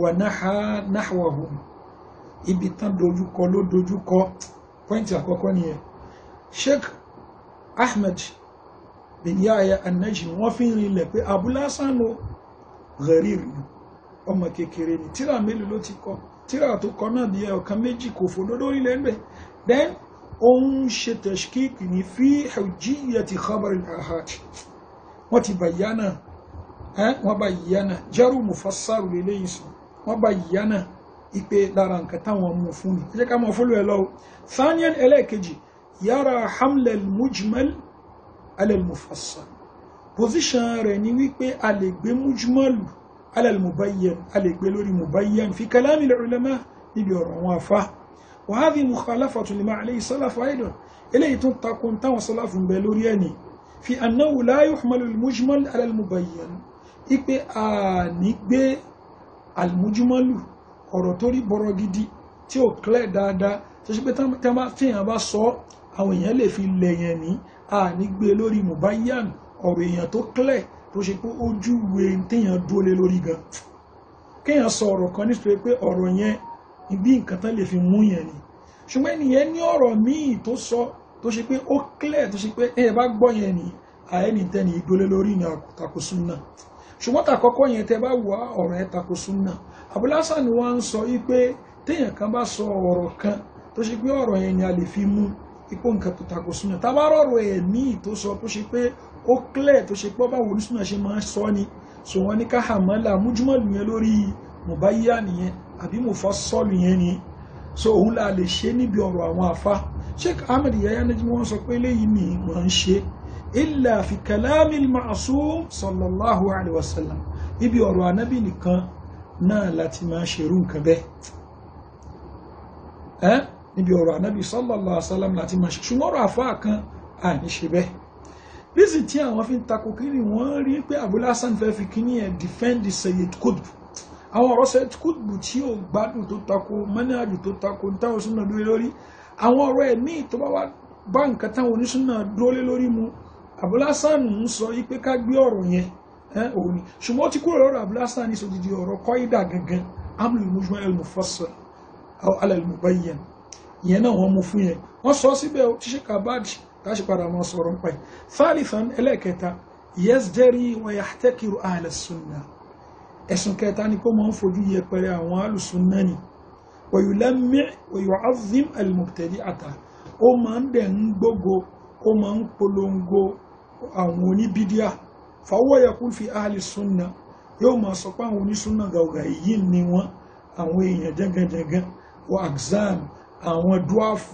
wà náhàwàhù ibi tán dojúkọ ló dojúkọ pọ́ìntì àkọ́kọ́ nìyẹn sheikh ahmed bin yahya an-najmi wọ́n fi ń rinlẹ̀ pé abúlásán ló gharir ni ọmọ kékeré ni tíra mélòó ló ti kọ tíra tó kọ náà di ọ̀kan méjì kò fò lórí lẹ́gbẹ̀ẹ́ then òun ṣe tashkik ní fi hujjiyyati khabar al-ahad wọ́n ti bàyá náà wọ́n bá yíyá náà jẹ́rù mufassaru lélẹ́yìn sùn wọ́n bá yíyá náà ipe lára nǹkan táwọn mú fún ni ẹ jẹ́ ká mọ̀ fúlù ẹ̀ lọ́wọ́ thaniyan ẹlẹ́ẹ̀kejì yára hamlel mujmal alel mufassal position rẹ̀ ni wípé a lè gbé mujmalu alel mubayyan a lè gbé lórí mubayyan fi kalami ulama níbi ọ̀rọ̀ wọn afá wa hadhi mukhalafatu lima alayhi salaf aidan eléyìí tún takun táwọn salaf ń bẹ lórí ẹni fi annahu la yuhmalu mujmal alel mubayyan ipe a ní gbé àlùmójúmọ́lù ọ̀rọ̀ tó rí bọ̀rọ̀ gidi tí ò clear dáadáa tó ṣe pé tán bá fihàn bá sọ àwọn èèyàn lè fi lẹ̀yìn ní a ní gbé lórí mubayan ọ̀rọ̀ èèyàn tó clear tó ṣe pé ojú we téèyàn dúró lé lórí gan kéèyàn sọ ọ̀rọ̀ kan nítorí pé ọ̀rọ̀ yẹn ibi nǹkan tán lè fi mú yẹn ni ṣùgbọ́n ènìyàn ní ọ̀rọ̀ míì tó sọ tó ṣe pé ó clear tó ṣe pé ẹ bá gbọ́ yẹn ni àẹ́nìtẹ́ni ìdólé lórí ní àkùtàkùsùn náà ṣùgbọ́n tàkọ́kọ́ yẹn tẹ́ bá wà ọ̀rọ̀ ẹ̀ tako súnà abúlásà ni wọ́n ń sọ wípé téèyàn kan bá sọ ọ̀rọ̀ kan tó ṣe pé ọ̀rọ̀ yẹn ni a lè fi mú ipò nǹkan tó tako súnà tá bá rọ̀rọ̀ ẹ̀ ní tó sọ tó ṣe pé ó clear tó ṣe pé báwo ní súnà ṣe máa sọ ni sọ wọn ní káhàmọ́là mújúmọ́lù yẹn lórí mọ̀báyá nìyẹn àbí mọ̀fọ́sọ́lù yẹn ni so òun la lè ṣe níbi ọ̀rọ̀ àwọn afá Sheikh Ahmed Yahya Najmi wọ́n sọ pé eléyìí ni wọ́n ń ṣe é illa fi kalami al-ma'sum sallallahu alayhi wa sallam ibi ọ̀rọ̀ anábì nìkan náà láti máa ṣerú nǹkan bẹ́ẹ̀ ẹ́ níbi ọ̀rọ̀ anábì sallallahu alayhi wa sallam láti máa ṣe ṣùgbọ́n ọ̀rọ̀ àfáà kan à ní ṣe bẹ́ẹ̀ bísí tí àwọn fi ń takò kíni wọ́n rí pé Abul Hasan fẹ́ fi kíní ẹ̀ defend Sayyid Qutb àwọn ọ̀rọ̀ Sayyid Qutb tí ò gbádùn tó takò mẹ́nàjù tó takò táwọn súnà dúró lórí àwọn ọ̀rọ̀ ẹ̀ míì tó bá wá bá nǹkan táwọn onísúnà dúró lórí mu abúlásán ń sọ yí pé ká gbé ọ̀rọ̀ yẹn òun ni ṣùgbọ́n ó ti kúrò lọ́rọ̀ abúlásán ní sòdìdì ọ̀rọ̀ kọ́ídà gangan amúlù mujmọ́ al-mufassal aw al-mubayyan ìyẹn náà wọ́n mú fún yẹn wọ́n sọ síbẹ̀ ṣíṣe kàbáàdì táṣì padà wọn sọ̀rọ̀ ń pa yìí thalithan ẹlẹ́ẹ̀kẹta yasdari wa yahtakiru ahla sunna ẹ̀sùn kẹta ni kó mọ́ ń fojú yẹpẹrẹ máa ń dẹ̀ ń gbógo ó máa ń polongo àwọn oníbídíà fàwọ́ yakun fi ahli sunna yóò máa sọ pé àwọn onísúnà gàùgà yìí ni wọ́n àwọn èèyàn jẹ́gẹ́jẹ́gẹ́ wọ exam àwọn dúáfù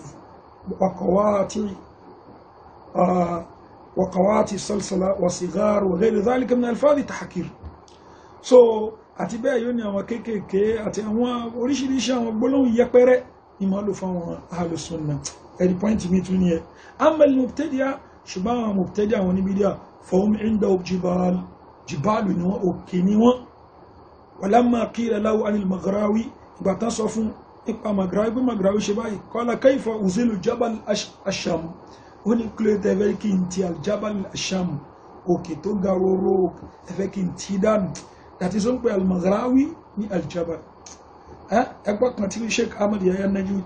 wakawati salsala wasigar wa ghairi dhalika min alfadhi tahkir so àti bẹ́ẹ̀ yóò ní àwọn kéékèèké àti àwọn oríṣiríṣi àwọn gbólóhùn yẹpẹrẹ ni máa lò fún àwọn ahli sunna pọ́ìntì mi tún ní ẹ amẹ́lì mubtadi'a ṣùgbọ́n àwọn mọ̀tẹ́dì àwọn oníbídíà fọ́hún ìndà jìbálù ni wọ́n òkè ni wọ́n walamma qila lahu anil maghrawi ìgbà tán sọ fún nípa maghrawi bí maghrawi ṣe báyìí qala kayfa uzilu jabal asham ó ní kílò tẹ́fẹ́ kí n ti aljabal asham òkè tó ga róró ẹfẹ́ kí n ti dànù àti sọ pé almaghrawi ní aljabal ẹgbẹ́ kan tí sheikh ahmed yahya najmi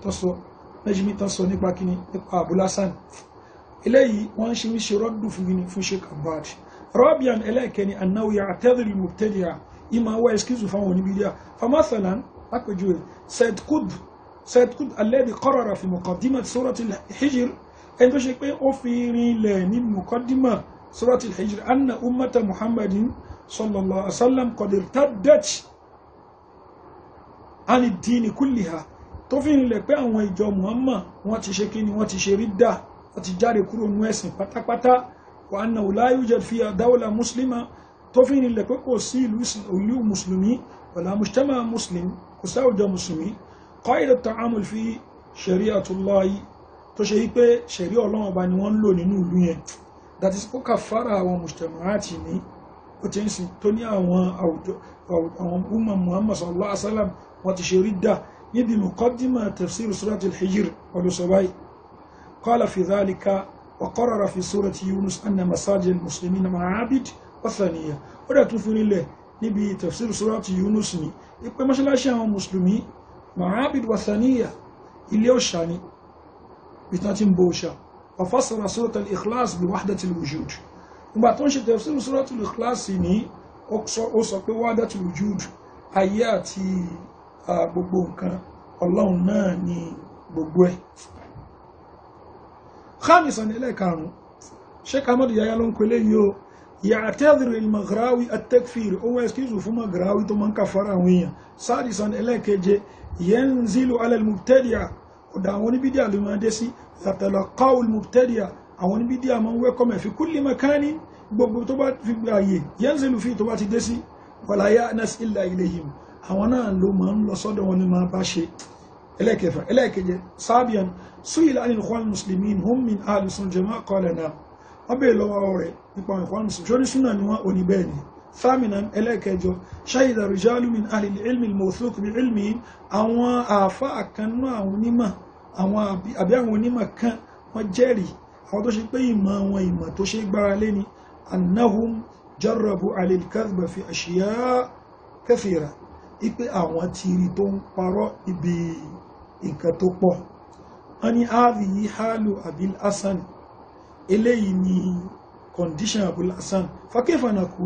tán nípa kíni nípa abulasan eléyìí wọ́n ń ṣe ń ṣe rọ́dù fún yìí fún sheik abad rọ́bìàn ẹlẹ́ẹ̀kẹ́ni anáwó yà àtẹ́dìrì mubtadi'a ìmọ̀ àwọn ẹ̀skízù fáwọn oníbídíà famathalan lápẹjúwe said qutb said qutb alladhi qarara fi muqaddimati suratil hijr ẹni tó ṣe pé ó fi rinlẹ̀ ní muqaddima suratil hijr anna ummata muhammadin sallallahu alaihi wasallam qad irtaddat ani dini kulliha tó fi rinlẹ̀ pé àwọn ìjọ muhammad wọ́n ti ṣe kí ni wọ́n ti ṣe ridda ó ti jáde kúrò nú ẹ̀sìn pátápátá wà á na òláyù jẹ́ fi àdáwọ̀lá mùsùlùmá tó fi nílẹ̀ pé kò sí ìlú mùsùlùmí wàlá mùsùlùmá mùsùlùmí kò sáwùjọ mùsùlùmí kọ́ ìdọ̀ ta'amul fi ṣẹ̀ríà tó lọ́yìí tó ṣe wípé ṣẹ̀rí ọlọ́run ọba ni wọ́n ń lò nínú ìlú yẹn that is ó kà fara àwọn mùsùlùmáàtì ní ó ti ń sìn tó ní قال في ذلك وقرر في سورة يونس أن مساجد المسلمين معابد وثانية ولا توفر الله نبي تفسير سورة يونس يبقى ما شاء الله مسلمي معابد وثانية اللي وشاني بتاتين بوشا وفصل سورة الإخلاص بوحدة الوجود وما تنشي تفسير سورة الإخلاص ني أقصى بوحدة الوجود آياتي gbogbo nǹkan ọlọ́run náà ni gbogbo ẹ̀ khamisan ẹlẹ́karùn-ún sheikh ahmed yaya ló ń pè léyìí o yàtẹ́dìrì ilmaghrawi atẹ́kfìrì ohun ẹ̀skíṣù fún maghrawi tó máa ń kàfàrà àwọn èèyàn sáàdìsàn ẹlẹ́keje yẹn zilu alẹ́lmùtẹ́dìà ọ̀dà àwọn oníbídíà ló máa dé sí yàtẹ̀lọ́kọ́ olùmùtẹ́dìà àwọn oníbídíà máa ń wẹ́kọ́ mẹ́fi kúlì makani gbogbo tó bá fi gbà yè yẹn zilu fi tó bá ti dé sí wàlàyé anas ilà ilé yìí àwọn náà ló máa ń lọ sọ́dọ̀ wọn ni máa bá ṣe ẹlẹ́kẹfà ẹlẹ́kẹjẹ sábíàn su'ila anil ikhwan muslimin hum min ahli sunnah jama'a qala na'am wọ́n bèèrè lọ́wọ́ rẹ̀ nípa àwọn ikhwan muslimin ṣóní súnà ni wọ́n òní bẹ́ẹ̀ ni thaminan ẹlẹ́kẹjọ shahida rijalu min ahli ilmi mawthuq bi ilmi àwọn àfa àkànnú àwọn onímọ̀ àwọn àbí àwọn onímọ̀ kan wọ́n jẹ́rìí àwọn tó ṣe pé ìmọ̀ àwọn ìmọ̀ tó ṣe gbára lé ni annahum jarrabu alil kadhba fi ashiya kathira ipe àwọn tìrì tó ń parọ́ ibi nǹkan tó pọ̀ wọ́n ní áàdì yìí hálù abil hasan eléyìí ni condition abul hasan fakéfà náà kú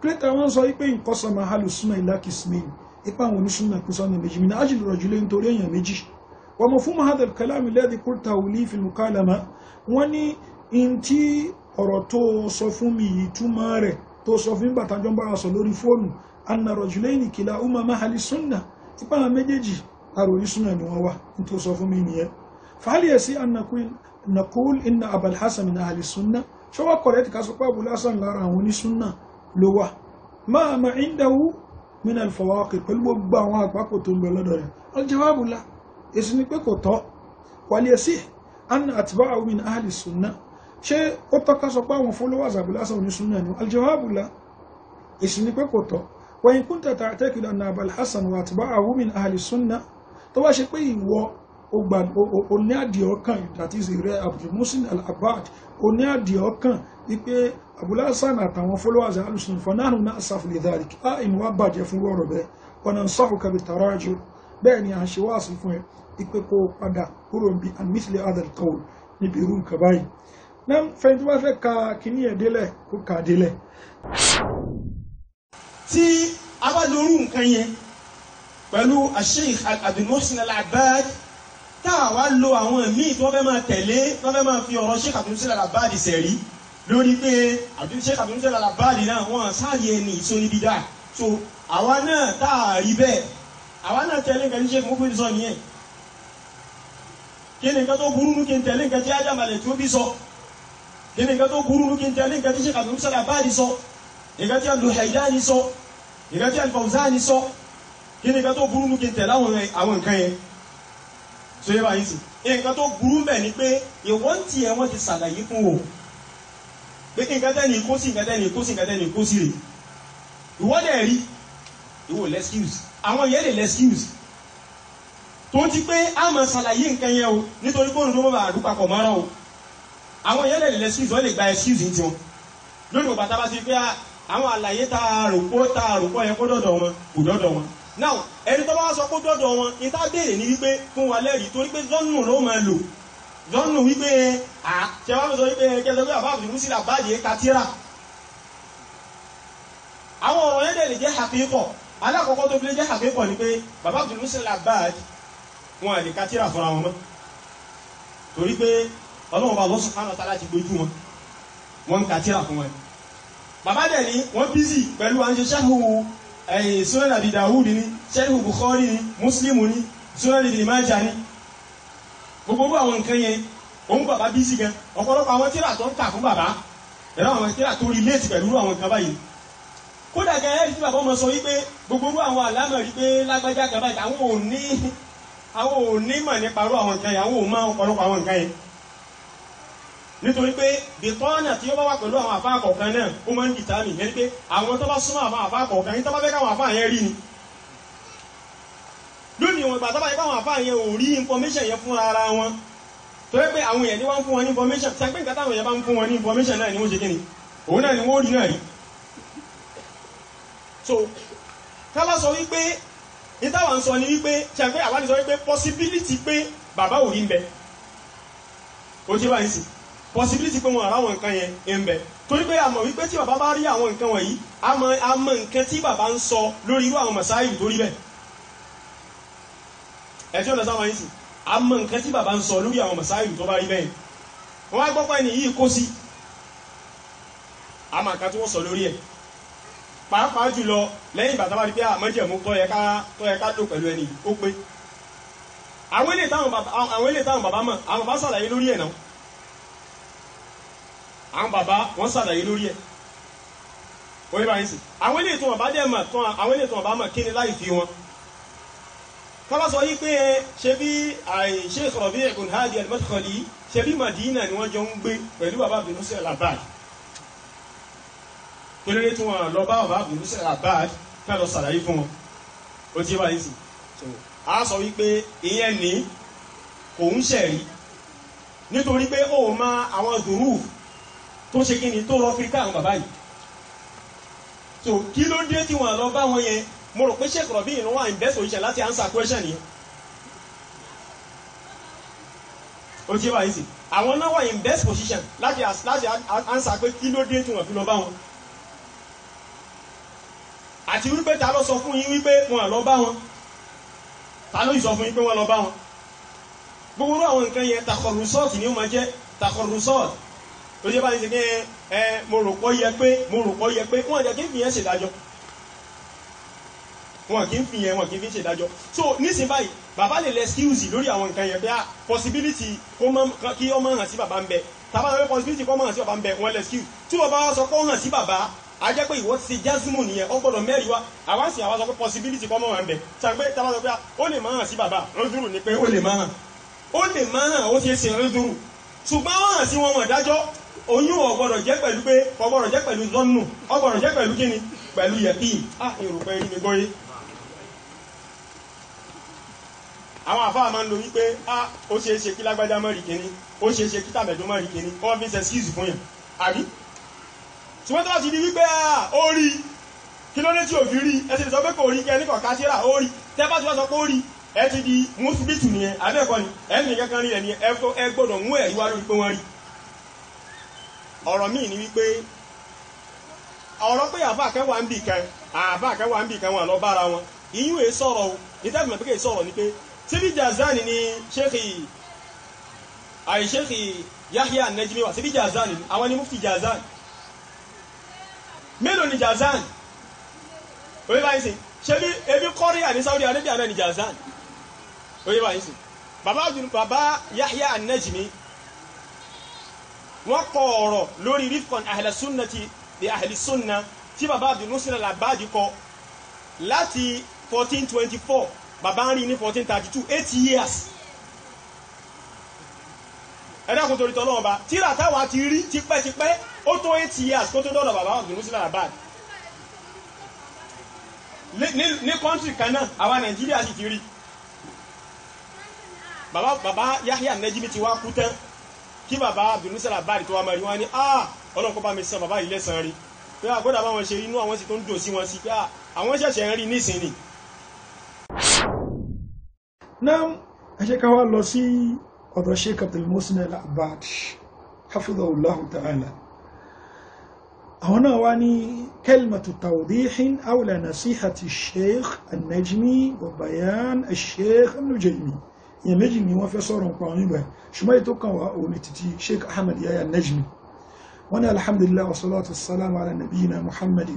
kílẹ̀tà wọ́n sọ wípé nǹkan sọmọ hálù súnmọ́ ìlà kìsmin ipa àwọn onísúnmọ́ ìpín sọ́nà méjì mìíràn ájìlú rọ̀jùlé nítorí èèyàn méjì wọ́n mọ̀ fún mahadal kalami lẹ́dí kúrta wùlí fi mùkálàmá wọ́n ní in tí ọ̀rọ̀ tó sọ fún mi yìí túmọ̀ rẹ̀ tó sọ fún bàtàjọ́ bá sọ lórí fóònù anna rọ̀jùlé ní umar mahali sunna ipa àwọn méjèèjì aròrí súnà ni wọ́n wà ní tó sọ fún mi nìyẹn fàálìyẹ sí anakul inna abul hasan min ahli sunna ṣọwọ́ kọ̀rẹ́tì ká sọ pé abul hasan lára àwọn onísúnà ló wà máa ma indahu min al-fawaqid pẹ̀lú gbogbo àwọn àpapò tó ń bẹ lọ́dọ̀ rẹ̀ al-jawabu followers abul hasan onísúnà ni al-jawabu la èsì ni pé kò tọ́ wa in kunta ta'taqidu anna abul tó bá ṣe pé ìwọ oní àdì ọkàn that is ìrẹ abdulmusin al-abbad oní àdì ọkàn wípé abúlásán àtàwọn followers alùsùn fanáhùn náà sàfilẹ̀ dhalik á ìmú wa bàjẹ́ fún ọ̀rọ̀ bẹ́ẹ̀ ọ̀nà sáfùkà bí tàrájù bẹ́ẹ̀ ni à ń ṣe wá sí fún ẹ ipe kó padà kúrò bí amísílẹ̀ adal kọ́ọ̀lù níbi irú nǹkan báyìí náà fẹ́ni tó bá fẹ́ ka kíní ẹ̀ délẹ̀ kó kà á délẹ̀. tí a bá lórú nǹkan yẹn pẹ̀lú Sheikh Abdul Muhsin Al-Abbad táà wá lo àwọn míì tí wọ́n fẹ́ máa tẹ̀lé wọ́n fẹ́ máa fi ọ̀rọ̀ Sheikh Abdul Muhsin Al-Abbad sẹ̀rí lórí pé Sheikh Abdul Muhsin Al-Abbad náà wọ́n sáàyè ẹni ìsónibidà so àwa náà táà rí bẹ́ẹ̀ àwa náà tẹ̀lé nǹkan tí Sheikh Mukbil sọ nìyẹn kí ni nǹkan tó burú nù kí n tẹ̀lé nǹkan tí ajámalẹ̀ tó bí sọ kí ni nǹkan tó burú nù kí n tẹ̀lé nǹkan tí Sheikh Abdul Muhsin sọ nǹkan tí kí ni nǹkan tó burú mú kí n tẹ̀lé àwọn nǹkan yẹn tó yẹ báyìí sí nǹkan tó burú mẹ́ ni pé ìwọ́n ń tiẹ̀ wọ́n ti ṣàlàyé fún o pé nǹkan tẹ́ ni kó sí nǹkan tẹ́ ni kó sí nǹkan tẹ́ ni kó sí rè ìwọ́n dẹ̀ rí ìwò lẹ́skíwùs àwọn yẹn lè lẹ́skíwùs tó ti pé a máa ṣàlàyé nǹkan yẹn o nítorí kóòrùn tó mọ̀ bá àdúpapọ̀ mọ́ra o àwọn yẹn lè lẹ́skíwùs wọ́n lè gba ẹ̀skíwùs ní tiwọn lórí òpàtà ti pé àwọn àlàyé tá a rò pó tá a rò pó yẹn kó dọ̀dọ̀ wọn kò dọ̀dọ̀ wọn now ẹni tó bá wá sọ pé dọ́dọ̀ wọn ní tá béèrè ní wípé fún wa lẹ́rìí torí pé zọ́nù ló máa lò zọ́nù wípé à ṣe wá sọ wípé kẹsàn pé àbá àbùdùkú sí làbáàdì katira àwọn ọ̀rọ̀ yẹn dẹ̀ lè jẹ́ àfihàn alákọ̀ọ́kọ́ tó fi lè jẹ́ àfihàn ni pé bàbá àbùdùkú sí làbáàdì wọn àlè katira fúnra wọn mọ́ torí pé ọlọ́run bá lọ́sùn kánà tá láti gbójú wọn wọn ń katira fún wọn bàbá dẹ̀ ni wọ́n ẹ̀yìn sunan abi dawud ni sẹ́yìn bukhari ni muslim ni sunan ibi ìmájà ni gbogbo àwọn nǹkan yẹn òun bàbá bísí gan ọ̀pọ̀lọpọ̀ àwọn tíra tó ń kà fún bàbá ẹ̀rọ àwọn tíra tó rí léètì pẹ̀lú àwọn nǹkan báyìí kódà gan ẹ̀rí tí bàbá ọmọ sọ wípé gbogbo àwọn àlámọ̀ rí pé lágbájá kan báyìí àwọn ò ní àwọn ò ní mọ̀ nípa irú àwọn nǹkan yẹn àwọn ò mọ̀ ọ̀pọ̀lọpọ̀ àwọn nǹkan yẹn nítorí pé bìtọ́nà tí ó bá wà pẹ̀lú àwọn àfáà kọ̀ọ̀kan náà ó máa ń dìtà mí yẹn pé àwọn tó bá súnmọ́ àwọn àfáà kọ̀ọ̀kan yìí tó fẹ́ káwọn àfáà yẹn rí ni lónìí wọn ìgbà tó yẹ káwọn àfáà yẹn ò rí information yẹn fún ara wọn tó yẹ pé àwọn èèyàn ní wọ́n fún wọn ní information tí a pé nǹkan táwọn bá ń fún wọn ní information náà ni wọ́n ṣe kí ni òun náà ni wọ́n rí náà rí so kálá sọ wípé ìtawà ń sọ ni wípé tí a pé àwọn àti sọ wípé possibility pé bàbá ò rí ń bẹ ó ti wá ń sìn possibility pé wọn àrà àwọn nǹkan yẹn ń bẹ torí pé a mọ̀ wípé tí bàbá bá rí àwọn nǹkan wọ̀nyí a mọ̀ a mọ̀ nǹkan tí bàbá ń sọ lórí irú àwọn mọ̀sáyì tó rí bẹ́ẹ̀ ẹ̀jọ́ lọ sáwọn yìí a mọ̀ nǹkan tí bàbá ń sọ lórí àwọn mọ̀sáyì tó bá rí bẹ́ẹ̀ wọ́n á gbọ́pọ̀ ẹni yìí kó sí a mọ̀ nǹkan tí wọ́n sọ lórí ẹ̀ pàápàá jùlọ lẹ́yìn bàtà bá rí pé àmọ́jẹ̀mú tó yẹ ká tó yẹ ká lò pẹ̀lú ẹni ó pé àwọn ilé táwọn bàbá mọ̀ àwọn bàbá sàlàyé lórí ẹ̀ náà àwọn bàbá wọ́n ṣàlàyé lórí ẹ̀ wọ́n yíba yín sí àwọn ilé ìtumọ̀ bá dẹ̀ mọ̀ kan àwọn ilé ìtumọ̀ bá mọ̀ kí ni láì fi wọn tọ́lá sọ yí pé ṣe bí àìṣe ìsọ̀rọ̀bí ẹ̀kùn hadi al-Madkhali ṣe bí Madina ni wọ́n jọ ń gbé pẹ̀lú bàbá abdulmusir labad kílódé tí wọ́n lọ bá bàbá abdulmusir labad fẹ́ lọ ṣàlàyé fún wọn ó ti yíba yín sí a sọ wípé ìyẹn ní kò ń ṣẹ̀rí nítorí pé ó máa àwọn gùrúùfù tó ṣe kí ni tó lọ fi ká àwọn bàbá yìí so kí ló dé tí wọn lọ bá wọn yẹn mo rò pé ṣèkọrọ bí ìnáwó àìbẹ́sọ̀ yìí ṣe láti answer question yẹn ó ti wà yìí àwọn náà wà in best position láti láti answer pé kí ló dé tí wọn fi lọ bá wọn àti wípé ta ló sọ fún yín wípé wọn lọ bá wọn ta ló sọ fún yín pé wọn lọ bá wọn gbogbo àwọn nǹkan yẹn takọrù sọọtì ni ó máa jẹ takọrù sọọtì tó yẹ báyìí ṣe ní ẹ mo rò pọ́ yẹ pé mo rò pọ́ yẹ pé wọ́n jẹ́ kí n fi yẹn ṣèdájọ́ wọn kì í fi yẹn wọn kì í fi ṣèdájọ́ so nísìnyí báyìí bàbá lè lẹ skills lórí àwọn nǹkan yẹn bí i ah, possibility kí ọmọ hàn sí bàbá ń bẹ tàbá lórí possibility kí ọmọ hàn sí bàbá ń bẹ wọn lẹ skills tí wọn bá sọ pé hàn sí bàbá a pé ìwọ ti jásímù nìyẹn ó gbọ́dọ̀ mẹ́rin wá àwa sì sọ pé possibility kí ọmọ hàn bẹ sàgbé tàbá sọ pé ah, ó lè má hàn sí bàbá rúdúrú ni pé ó lè má hàn ó lè má hàn ó ti ṣe rúdúrú ṣùgbọ́n ó hàn sí wọn mọ̀ dájọ́ oyún ọ̀gbọ́dọ̀ jẹ́ pẹ̀lú pé ọgbọ́dọ̀ jẹ́ pẹ̀lú zọ́nù ọgbọ́dọ̀ jẹ́ pẹ̀lú kíni pẹ̀lú yẹ̀kí ah ìrùpẹ̀ yìí mi gbọ́yé àwọn àfáà máa ń lo wípé ah ó ṣe é ṣe kí lágbájá mọ́rì kíní ó ṣe é ṣe kí tàbẹ̀dún mọ́rì kíní wọ́n fi ń ṣe skills fún yàn àbí ṣùgbọ́n tó bá ti wípé ó rí kí ló dé tí ò fi rí ẹ ti sọ pé kò rí kí ẹnì kọ̀ọ̀ká síra ó rí tẹ́ bá ti wá sọ pé ó rí ẹ ti di mùsùlùmí tù nìyẹn àbẹ́ẹ̀kọ́ ni ẹnì kankan rí ẹ̀ ni ẹ gbọ́dọ̀ mú ẹ̀ ìwà lórí pé wọ́n rí ọ̀rọ̀ míì ni wípé ọ̀rọ̀ pé àfa àkẹ́wà ń bì kan àfa àkẹ́wà ń bì kan wọn lọ bára wọn ìyún èé sọ̀rọ̀ o ìtẹ́gbọ̀n pé kìí sọ̀rọ̀ ni pé síbí jazani ni ṣéèkì àìṣéèkì Yahya Najmi wà síbí jazani àwọn ni mufti jazani mélòó ni jazani oye báyìí sìn ṣé bí ebi kọ́rí àní Saudi Arabia náà ni jazani oye báyìí sìn bàbá Yahya Najmi wọ́n kọ ọ̀rọ̀ lórí rifkon ahlasunna ti di ahlasunna tí bàbá abdulmusir alabadi kọ láti 1424 bàbá ń rí ní 1432 eight years ẹ̀dá kò torí tọ́lọ́wọ́ bá tíra táwa ti rí tipẹ́tipẹ́ ó tó eight years kó tó dọ́dọ̀ bàbá abdulmusir alabadi ní kọ́ntì kan náà àwa nàìjíríà sì ti rí bàbá Yahya Najimi ti wá kú tán kí bàbá abdulmusala bá àdìtọ́ wa máa rí wọn ni ah ọlọ́run kó bá mi san bàbá yìí lẹ́sàn-án rí pé àgbọ́dà ah, báwọn ṣe inú àwọn sì tó ń dò sí wọn sí pé ah, àwọn ṣẹ̀ṣẹ̀ ń rí nísìnyí. náà ẹ ṣe lọ sí ọ̀dọ̀ sheik abdulmusin al-abbad hafidhahullahu ta'ala àwọn náà wá ní kẹlmatu tawdihin awla nasihati sheikh an wa bayan sheikh an èèyàn méjì ni wọ́n fẹ́ sọ̀rọ̀ nǹkan àwọn ìgbà ṣùgbọ́n ètò kan wà òun ni títí sheikh ahmed yahya najmi wọ́n ní alhamdulillah wa salatu wa salam ala nabiyina muhammad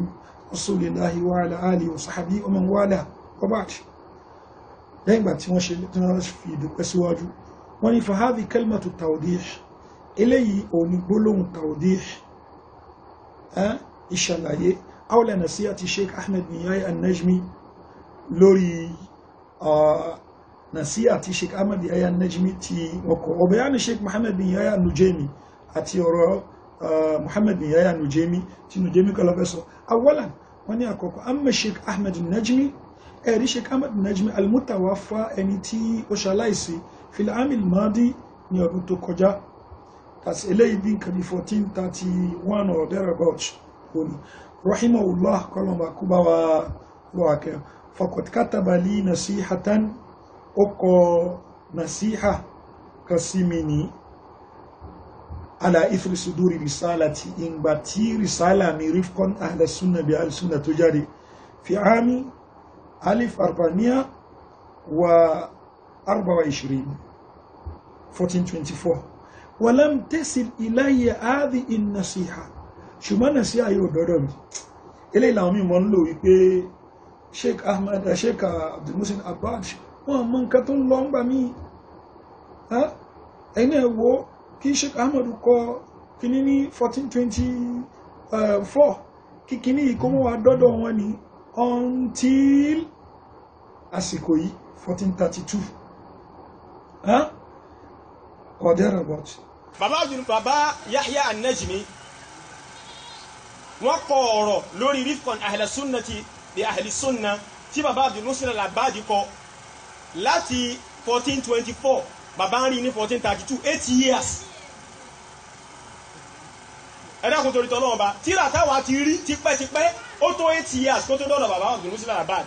rasulillahi wa ala ali wa sahabi wa man wala wa ba'd lẹ́yìn ìgbà tí wọ́n ṣe tí wọ́n fi ìdúpẹ́ síwájú wọ́n ní fahadi kalmatu tawdih eléyìí òun gbólóhùn tawdih ìṣàlàyé awla nasihati sheikh ahmed yahya najmi lórí nasiha ti sheikh ahmed yahya najmi ti wọ́n kọ ọ̀bẹ̀yà ni sheikh mohammed bin yahya nujemi àti ọ̀rọ̀ uh, mohammed bin yahya nujemi ti nujemi kọ́ lọ́fẹ́ sọ awọ́là wọ́n ní àkọ́kọ́ amma sheikh ahmed najmi ẹ̀rí sheikh ahmed najmi almutawafa ẹni tí ó ṣaláìsí filamil madi ní ọdún tó kọjá that's eléyìí bí nǹkan bí 1431 or thereabout òní rahimahullah kọ́lọ́mà kúbáwá wọ́n akẹ́ faqad kataba li ó kọ nasíhà kan sí mi ní ala ifri suduri risala ti ìgbà tí risala mi rifkon ahla sunna bi ahla sunna tó jáde fi ami alif arba'miya wa arba wa ishirin 1424 walam tasil ilayya hadhihi an-nasiha ṣùgbọ́n nà sí ayé òdọ́dọ̀ mi eléyìí làwọn mímọ́ ń lò wípé sheikh ahmed sheikh abdulmusin abad wọn mọ nǹkan tó ń lọ ńgbà míì ẹni ẹ̀ wo kí Sheikh Ahmed kọ kíní ní fourteen twenty eh, four kí kíní yìí kó mọ́ wá dọ́dọ̀ wọn ni until àsìkò yìí fourteen thirty two or thereabout. bàbá òjòrò bàbá Yahya an-Najmi wọ́n kọ ọ̀rọ̀ lórí rifkon ahlasunna ti di ahlasunna tí bàbá Abdul Muhsin al-Abbadi kọ láti 1424 bàbá ń rí ní 1432 eight years ẹ̀dàkùn torí tọ́lọ́ ba. tíra táwa ti rí tipẹ́tipẹ́ ó tó eight years kó tó dọ́lọ̀ bàbá ọ̀gbìn muslim abad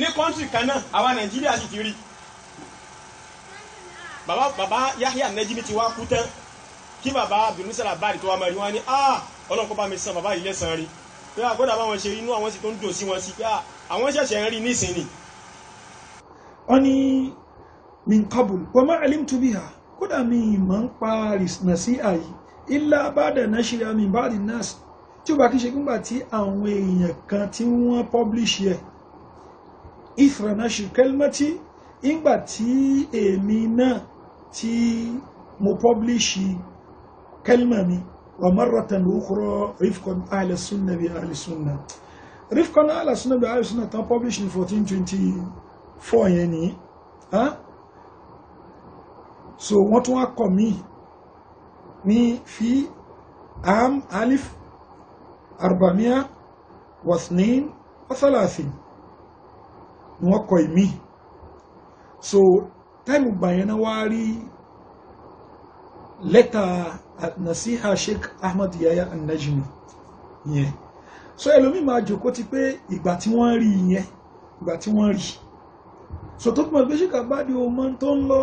ní kọ́ńtì kan náà àwa nàìjíríà sì ti rí bàbá bàbá yahya nẹ́jìmí ti wá kú tán kí bàbá ọ̀gbìn muslim abad tó wá mọ̀ rí wọn ni ah ọlọ́nkọ́ bá mi san bàbá yìí lẹ́sàn-án rí pé àkọ́dà ah, báwọn ṣe inú àwọn sì tó ń dò sí wọn sí pé ah, àwọn ṣẹ̀ṣẹ̀ ń rí nísìnyí. wọ́n ní min qabul wa ma alimtu biha kódà mi ìmọ̀ ń pa nasiha yìí illa ba'da nashriha min ba'di nas tí ó bá kí ṣe nígbà tí àwọn èèyàn kan tí wọ́n publish ẹ̀ ithra nashri kalimati ìgbà tí èmi náà tí mo publish kẹlmà mi ومرة أخرى رفقا أهل السنة بأهل السنة رفقا أهل السنة بأهل السنة تم published في 1424 يعني ها، so wọ́n tún wá kọ̀ mí ní fi am alif arbamia wasnin wasalafin ni wọ́n kọ̀ ìmí so táìmù gbà náà wá rí lẹ́tà nasiha sheikh ahmed yahya an-najmi yẹn so ẹlòmíì máa jòkó ti pé ìgbà tí wọ́n rí yẹn ìgbà tí wọ́n rí so tó túmọ̀ pé sheikh abadi ọmọ tó ń lọ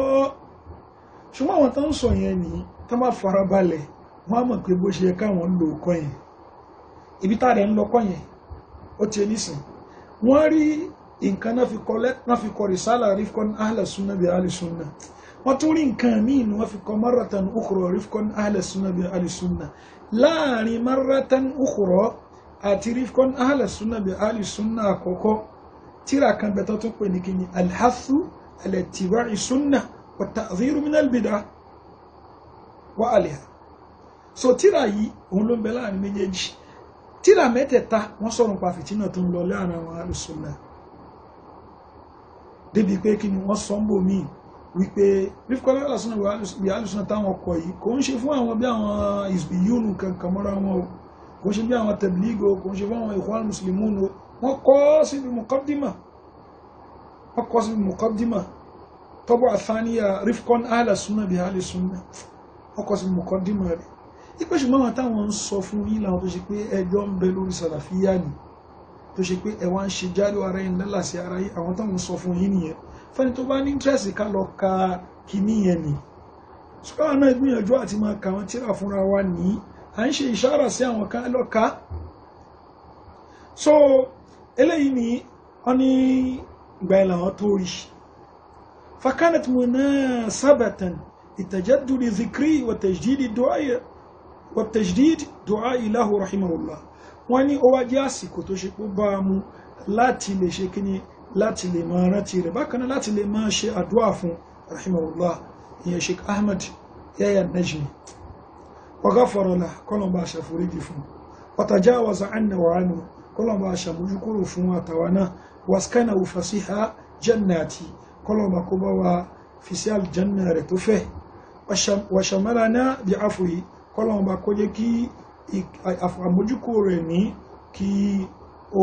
ṣùgbọ́n àwọn tó ń sọ yẹn ni tó máa farabalẹ̀ wọ́n á mọ̀ pé bó ṣe yẹ káwọn ń lo ọkọ yẹn ibi tá a rẹ̀ ń lọkọ yẹn ó ti nísìn wọ́n rí nǹkan náà fi kọ́ rìsálà rifkon ahlẹ̀ sunna bí ahlẹ̀ sunna wọ́n tún rí nǹkan míì ni wọ́n fi kọ́ maratan ukhra rifkon ahla sunna bi ahli sunna láàrin maratan ukhra àti rifkon ahla sunna bi ahli sunna àkọ́kọ́ tíra kan bẹ̀tọ́ tó pè ní kíni alhassu ala ittiba'i sunna wa ta'dhiru min albid'ah wa so tíra yìí òun ló ń bẹ láàrin méjèèjì tíra mẹ́tẹ̀ẹ̀ta wọ́n sọ̀rọ̀ pa fìtínà tó ń lọ láàrin àwọn ahli débi pé kíni wọ́n sọ ń bò míì wípé rífkọ́lá lásán bí alùsùn táwọn ọkọ̀ yìí kò ń ṣe fún àwọn bí àwọn ìsbìyónù kankan mọ́ra wọn o kò ń ṣe bí àwọn tẹ̀blígò kò ń ṣe fún àwọn ìkwán mùsùlùmí o wọ́n kọ́ síbi mọ̀kọ́dìmà wọ́n kọ́ síbi mọ̀kọ́dìmà tọ́bọ̀ àfáníyà rífkọ́n alàsúnà bí alùsùnà wọ́n kọ́ síbi mọ̀kọ́dìmà ni tó fẹ́ni tó bá ní íńtírẹ́sì ká lọ ka kìíní yẹn ni ṣùgbọ́n àwọn náà gbìyànjú àti máa ka àwọn tíra fúnra wa ní à ń ṣe ìṣára sí àwọn kan lọ́ka so eléyìí ni wọ́n ní ìgbà ìlà wọn tó rí fakanat munasabatan لتجدد ذكري وتجديد دعائي وتجديد دعائي له رحمه الله wọ́n ní ó wá jẹ́ àsìkò tó ṣe pé bá a mú láti lè ṣe kí ni láti lè máa rántí rẹ̀ bákan náà láti lè máa ṣe àdúrà fún rahimahullah ìyẹn sheikh ahmed yahya najmi ọgá fọ̀rọ̀lá kọlọ̀mbà aṣàforíjì fún ọ̀tàjá wàzà ànà wàánu kọlọ̀mbà aṣàmójúkúrò fún àtàwà náà wàskánà òfàsí ha jannati kọlọ̀mbà kó bá wa fi sí aljanna rẹ̀ tó fẹ́ wàṣàmára náà bí afòyí kọlọ̀mbà kó jẹ́ kí àmójúkúrò rẹ̀ ní kí ó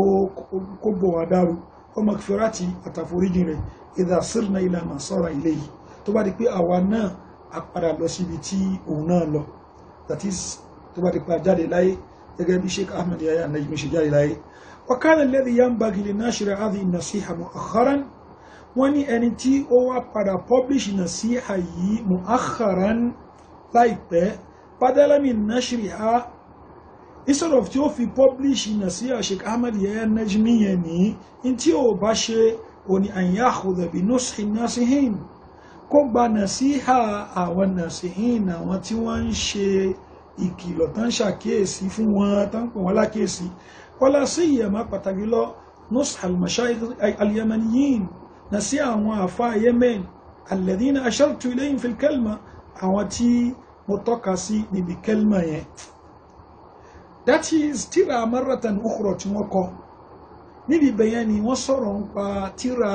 kó bọ̀ wá dárú wa magfirati àtàforíjì rẹ̀ idha sirna ila ma sara ilayhi tó bá di pé àwa náà a lọ síbi tí òun náà lọ that is tó bá di pé a láyé gẹ́gẹ́ bí Sheikh Ahmed Yahya Najmi ṣe jáde láyé wa kana alladhi yanbaghi li nashri hadhihi an-nasiha mu'akhkharan wọ́n ní ẹni tí ó wá padà publish nasiha yìí mu'akhkharan láìpẹ́ badala min nashriha instead of tí ó fi publish nasiha Sheikh Ahmad Yahya Najmi yẹn ní in tí ò bá ṣe òní an yakhudha bi nushi nasihin kó gba nasiha àwọn nasihin àwọn tí wọ́n ń ṣe ìkìlọ̀ tán ṣàkíyèsí fún wọn tán pè wọ́n lákíyèsí kọ́lá sí ìyẹ̀mọ́ pàtàkì lọ nushi al-mashayikh al àwọn àfa yemen alladhina ashartu ilayhim fil kalma àwọn tí mo tọ́ka sí níbi kalma yẹn that is tíra maratan ukhra tí wọ́n kọ níbi ìbẹ̀yẹn ni wọ́n sọ̀rọ̀ ń pa tíra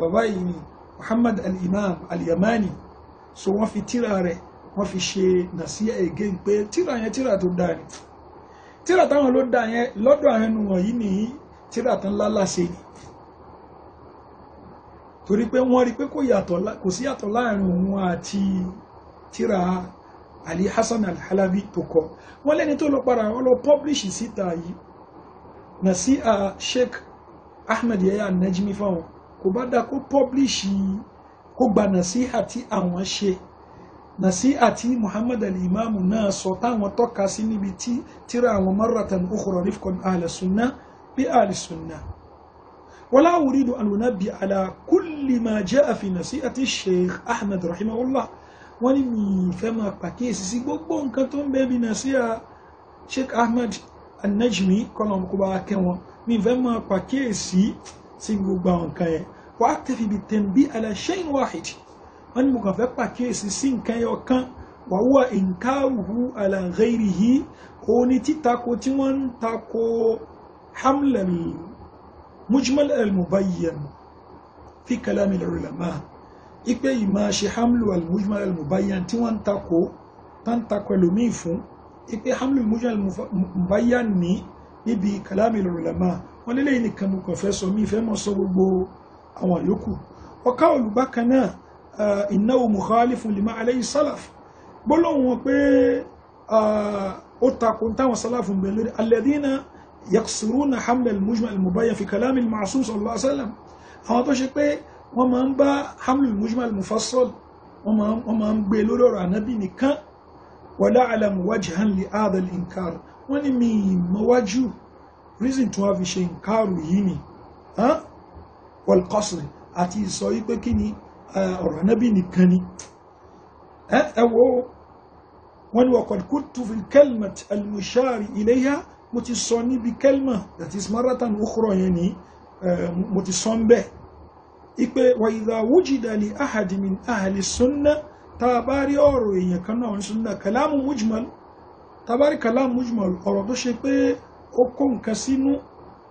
bàbá yìí Muhammad al-Imam al-Yamani so wọ́n fi tíra rẹ̀ wọ́n fi ṣe nàṣíyà ègé pé tíra yẹn tíra tó dáa ni tíra táwọn ló dáa yẹn lọ́dọ̀ àwọn ẹnu wọ̀nyí ni tíra tán lálàṣe ni torí pé wọ́n rí pé kò sí yàtọ̀ láàrin òun àti tíra ali hasan alhalabi tó kọ wọ́n lẹ́ni tó lọ para wọ́n lọ publish síta yìí na sí a sheikh ahmed yahya najmi fáwọn kò bá dá kó publish kó gba nasiha tí àwọn ṣe nasiha tí muhammad alimamu náà sọ táwọn tọ́ka sí níbi tí tíra àwọn marratan ukhra rifqan ahla sunna bí ahla sunna wala uridu an unabbi ala kulli ma jaa fi nasihati sheikh ahmed rahimahullah wọ́n ní mi fẹ́ máa pàkíyèsí sí gbogbo nǹkan tó ń bẹ bí nàṣíà Sheikh Ahmed An-Najmi kọlọm kó bá wa kẹ́ wọn mi fẹ́ máa pàkíyèsí sí gbogbo àwọn nǹkan yẹn wà á tẹ̀fi bi tanbih ala shay'in wahid wọ́n ní mo kàn fẹ́ pàkíyèsí sí nǹkan yẹn ọ̀kan wa huwa inkaruhu ala ghayrihi òun ni títako tí wọ́n ń tako hamlan mujmal al-mubayyan fi kalam al ipe ìmọ̀ ṣe hamlu al-mujmal al-mubayyan tí wọ́n ń takò tán takò ẹlòmíì fún ipe hamlu al-mujmal al-mubayyan ní níbi kalami al-ulama wọ́n lélẹ̀ nìkan mo kàn fẹ́ sọ mí fẹ́ mọ́ sọ gbogbo àwọn yòókù ọ̀ká olùbákan náà innahu mukhalifun lima alayhi salaf gbólóhùn wọn pé ó takò táwọn sálàfù ń bẹ lórí alladhina yaqsuruna al-mujmal al-mubayyan fi kalami al-ma'sum sallallahu àwọn tó ṣe pé wọ́n máa ń bá hamlin mujmal mufassal wọ́n máa ń gbé e lórí ọ̀rọ̀ ànábì nìkan wala alamu wajhan li adal inkar wọ́n ní mi ìmọ̀wájú reason tí wọ́n fi ṣe nkaru yìí ni wal qasri àti ìsọ wípé kí ni ọ̀rọ̀ ànábì nìkan ni ẹ wo wọ́n ní wa qad kuntu fil kalmat al mo ti sọ níbi kalma that is maratan ukhra yẹn ni mo ti sọ ń bẹ́ẹ̀ ipe wàyíza wújìdá ní ahadimin ahàlì súnná tá a bá rí ọ̀rọ̀ èèyàn kan náà súnná kàlámù mujmal tá a bá rí kàlámù mujmal ọ̀rọ̀ tó ṣe pé ó kó nǹkan sínú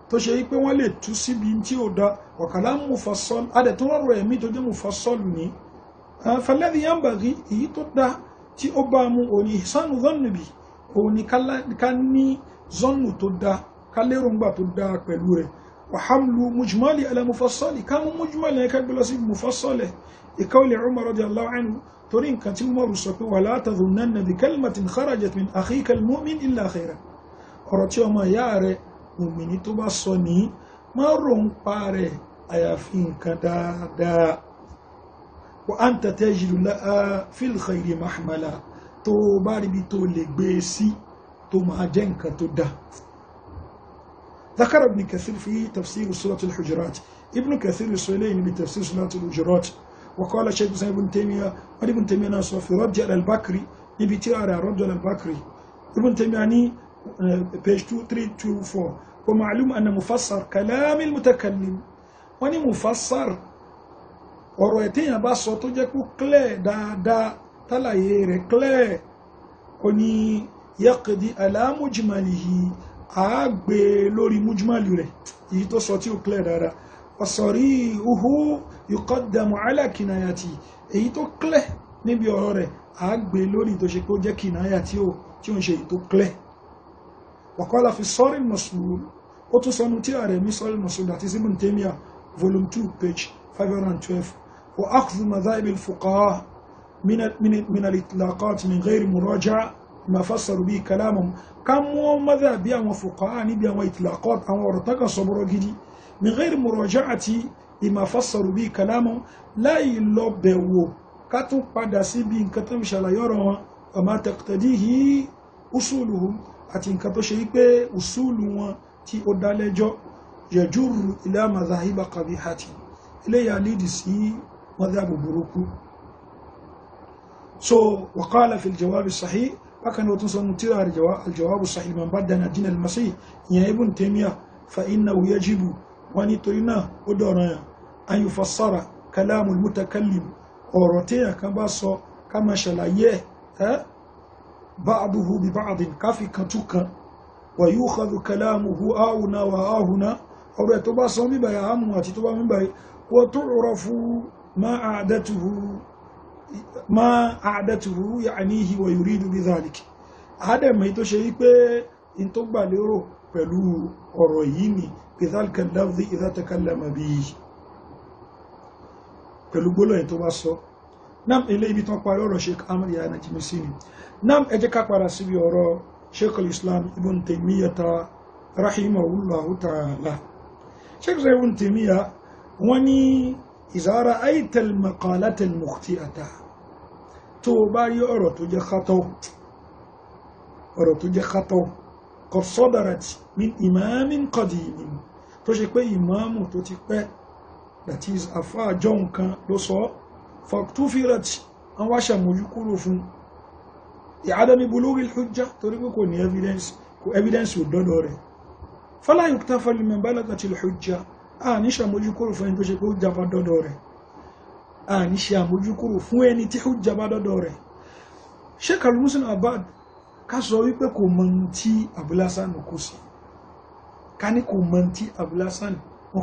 tó ṣe wípé wọ́n lè tú síbi tí ó da ọ̀kàlá mufassal adẹ̀ tó rọrọ̀ ẹ̀mí tó jẹ́ mufassal ní faladhi yanbaghi èyí tó da tí ó bá mu òní sanu zannubi òní ká ní zannu tó da ká lérògbà tó da pẹ̀lú rẹ̀ وحمل مجمالي على مفصلي كان مجمل كبل بلاسي مفصل يقول عمر رضي الله عنه ترين كانت عمر سوى ولا تظنن بكلمة خرجت من أخيك المؤمن إلا خيرا أرتي ما يار مؤمن تبصني ما رون باري أيافين كدا وأنت تجد لا في الخير محملا تو باري بتو لبسي تو ما جنك تو ذكر ابن كثير في تفسير سورة الحجرات ابن كثير السليم بتفسير سورة الحجرات وقال شيخ سعيد بن تيمية قال ابن تيمية ناصر في رد على البكري نبتي على رد على البكري ابن تيمية يعني page 2324 ومعلوم أن مفسر كلام المتكلم وني مفسر ورويتين ẹ̀tẹ́yìn bá sọ tó دا kó clear كلا وني يقضي على مجمله a gbé lórí mújúmọ́lù rẹ̀ èyí tó sọ tí ó clear rárá ọ̀sọ̀rí uhu yuqaddamu ala kinayati èyí tó clear níbi ọ̀rọ̀ rẹ̀ a gbé lórí tó ṣe pé ó jẹ́ kinaya tí ó ń ṣe èyí tó clear wàkọ́lá fi sọ́rí mọ̀sùlùmí ó tún sọnù tí ààrẹ mi sọ́rí mọ̀sùlùmí àti símù tèmíà volume 2 page 512 wa akhdhu madhahib al-fuqaha min al muraja'a ma fasaru bíi kalamahum ká mú wọn mọ́dà bí àwọn fuqaha níbi àwọn itlaqat àwọn ọ̀rọ̀ tó kàn sọ̀rọ̀ gidi min ghairi muraja'ati lima fasaru bíi kalamahum láì lọ bẹ̀wò ká tún padà síbi nǹkan tó ń ṣàlàyé ọ̀rọ̀ wọn wa ma taqtadihi usuluhum àti nǹkan tó ṣe wípé usulu wọn tí ó dálẹ́jọ́ yajurru ila madhahiba qabihati eléyà lídì sí madhabu burúkú so waqala fil jawabi sahih bákan náà tún sọnù tíra aljawabu sahih man baddana din al-masih ìyẹn ibn taymiya fa innahu yajibu wọn nítorí náà ó dọ̀rọ̀ yàn an yufassara kalamu al-mutakallim ọ̀rọ̀ téèyàn kan bá sọ ká máa ṣàlàyé ẹ̀ ba'duhu bi ba'din káfí kan tún kan wa yukhadhu kalamuhu ahuna wa ahuna ọ̀rọ̀ ẹ̀ tó bá sọ níbàyà àmù àti tó bá níbàyà wa tu'rafu ma a'datuhu ma àádẹ́tùrú ya'nihi wa yuridu bi dhalik àádẹ́mọ̀ tó ṣe yí pé in tó gbà lérò pẹ̀lú ọ̀rọ̀ yìí ni bi dhalika al-lafzi idha takallama bihi pẹ̀lú gbólóyìn tó bá sọ nam ilé ibi tán parí ọ̀rọ̀ sheik amr ya najmi sini nam ẹ jẹ́ ká padà síbi ọ̀rọ̀ tó o bá rí ọ̀rọ̀ tó jẹ́ kátọ́ ọ̀rọ̀ tó jẹ́ kátọ́ kò sọ́dọ̀rẹ̀tì min imamin qadimin tó ṣe pé ìmáàmù tó ti pẹ́ that is afá àjọ nǹkan ló sọ fàtúfìrẹ̀tì wọ́n wá ṣàmójú kúrò fún ìádọ́mi bulughi al-hujja torí pé kò ní evidence kò evidence ò dọ́dọ̀ rẹ̀ fala yuktafa liman balagati al-hujja a ní ṣàmójú kúrò fún ẹni tó ṣe pé ó jàpá dọ́dọ̀ rẹ̀ a ní ṣe àmójúkúrò fún ẹni tí ó jaba dọ́dọ̀ rẹ̀ sheikh al-muslim abad ká sọ wípé kò mọ ohun tí abúlásán kò sí ká ní kò mọ ohun tí abúlásán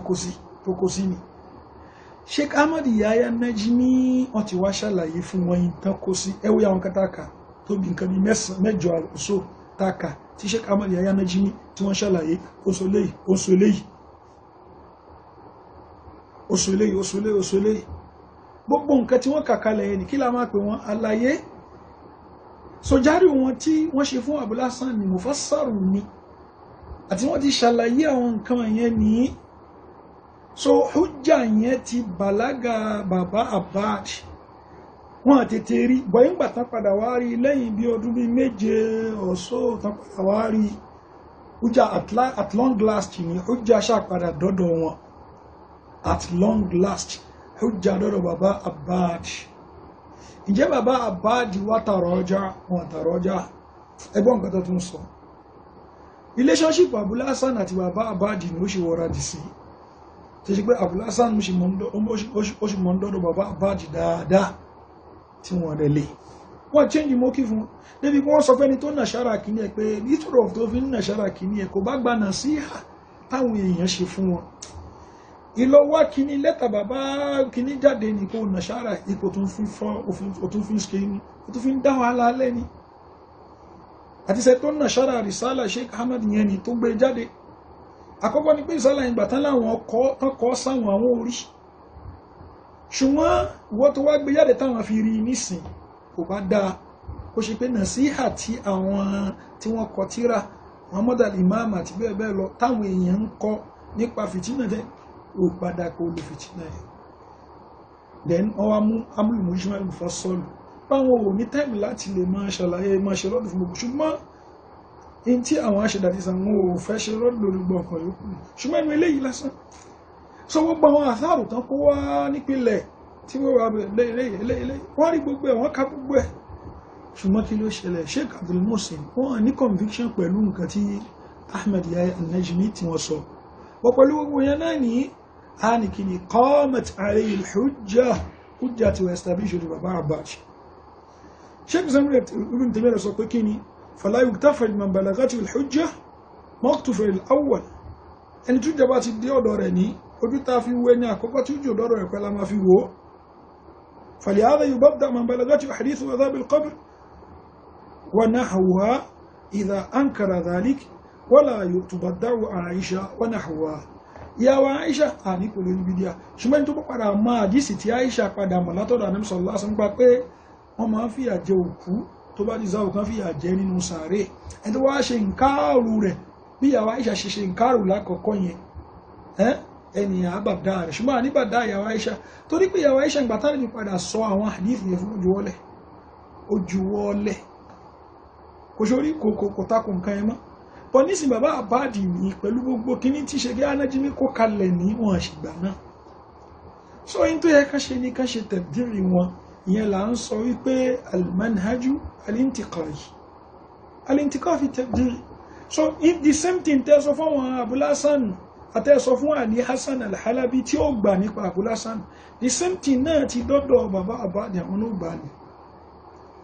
kò sí tó kó sí ni sheikh ahmad yahya najmi wọn ti wá ṣàlàyé fún wọn yìí tán kó sí ẹwọ àwọn kátàkà tóbi nǹkan bíi mẹ́jọ àròsọ tààkà tí sheikh ahmad yahya najmi tí wọn ṣàlàyé oṣù eléyìí oṣù eléyìí gbogbo nǹkan tí wọ́n kàkalẹ̀ yẹn ní kí la máa pè wọ́n àlàyé sojari wọn tí wọ́n ṣe fún abúlásán ni mufassaru ni àti wọ́n ti ṣàlàyé àwọn nǹkan yẹn ní so hujja yẹn ti bàlágà bàbá Abbad wọn tètè rí bọ́yìngbà tán padà wá rí lẹ́yìn bí ọdún bíi méje ọ̀sọ́ tán padà wá rí hujja at long last ni hujja ṣàpadà dọ́dọ̀ wọn at long last hujja lọ́dọ̀ bàbá Abbad ǹjẹ́ bàbá Abbad wá tààrọ̀ ọjà wọn tààrọ̀ ọjà ẹgbọ́n nǹkan tó tún sọ relationship Abulhasan àti bàbá Abbad ni ó ṣe wọra dì sí tó ṣe pé Abulhasan ó ṣe mọ̀ ń dọ́dọ̀ bàbá Abbad dáadáa tí wọ́n rẹ̀ lè wọ́n change mọ́kì fún débi wọ́n sọ fẹ́ni tó nàṣàrà kìíní ẹ̀ pé nítorí ọ̀f tó fi ń nàṣàrà kìíní ẹ̀ kò bá gba nàṣíhà táwọn èèyàn ṣe fún wọn ìlọ́wọ́ kìíní lẹ́tà bàbá kìíní jáde ní kò nàṣàrà ipò tó fi fọ́ òtún fi ń ṣe ní òtún fi ń dá wàhálà lẹ́ni àti ṣe tó nàṣàrà rìsálà Sheikh Ahmad yẹn ni tó gbé jáde àkọ́kọ́ ni pé ìsálà ìgbà tán láwọn ọkọ̀ sáwọn àwọn orí ṣùgbọ́n ìwọ́n tó wá gbé jáde táwọn fi rí nísìn kò bá dáa ó ṣe pé nàṣíhà tí àwọn tí wọ́n kọ tíra Muhammad al àti bẹ́ẹ̀ bẹ́ẹ̀ lọ táwọn èèyàn ń kọ nípa fìtínà padà kó lè fìtínà ẹ̀ then ọwọ́ mú amúlù mùsùlùmí àlùfà sọ́ọ̀lù báwọn ò ní táìmù láti lè máa ṣàlàyé máa ṣe lọ́dún fún gbogbo ṣùgbọ́n in tí àwọn aṣèdàdí sàwọn ò fẹ́ ṣe lọ́dún lórí gbọ̀ngàn yòókù ṣùgbọ́n ìwé eléyìí lásán so gbogbo àwọn àtàrò tán kó wá nípìnlẹ̀ tí wọ́n wà bẹ̀rẹ̀ eléyìí eléyìí wọ́n rí gbogbo ẹ̀ wọ́n ká gbogbo ẹ̀ ṣùgbọ́n kí ló ṣẹlẹ̀ Sheikh Abdul Muhsin wọ́n ní conviction pẹ̀lú nǹkan tí Ahmed Yahya Al-Najmi tí wọ́n sọ wọ́n pẹ̀lú gbogbo yẹn náà nìyí آني كني قامت عليه الحجة حجة ويستبيش الرباع باش شك زمر ابن تيمية صدقيني فلا يكتفى من بلغته الحجة ما اكتفى الأول أن تجد بات الديو دوريني ọ̀dọ̀ rẹ̀ ní ojú ta fi wo ẹni àkọ́kọ́ tí ó فلهذا يبدأ من بلغته حديث وذاب القبر ونحوها إذا أنكر ذلك ولا تبدأ عائشة ونحوها ìyàwó Aisha àní kò lè rí bídíà ṣùgbọ́n tó padà mọ àdìsí tí Aisha padà mọ̀ látọ̀dọ̀ Ànábì sallallahu alaihi wasallam gba pé wọ́n máa ń fìyà jẹ òkú tó bá ti záwò kan fìyà jẹ nínú sàárè ẹni tó wá ṣe nkáàrù rẹ̀ bí ìyàwó Aisha ṣe ṣe nkáàrù lákọ̀ọ́kọ́ yẹn ẹnìyàn àbàdá rẹ̀ ṣùgbọ́n àníbàdá ìyàwó Aisha torí pé ìyàwó Aisha ìgbà tánàbí padà sọ àwọn àdìsí kò sórí kò takò nǹkan ẹ mọ́ bọ́ nísìn bàbá àbáàdì ní pẹ̀lú gbogbo kíní tí ṣe gẹ́ anájímí kó kalẹ̀ ní wọn àṣìgbà náà so yín tó yẹ ká ṣe ní ká ṣe tẹ̀dírì wọn ìyẹn là ń sọ wípé almanhaju alintikari alintikari fi tẹ̀dírì so if the same thing tẹ́ sọ fún àwọn abúlásán àtẹ́sọ fún àní Hassan al-Halabi tí ó gbà nípa abúlásán the same thing náà ti dọ́dọ̀ bàbá àbáàdì àwọn ló gbà ní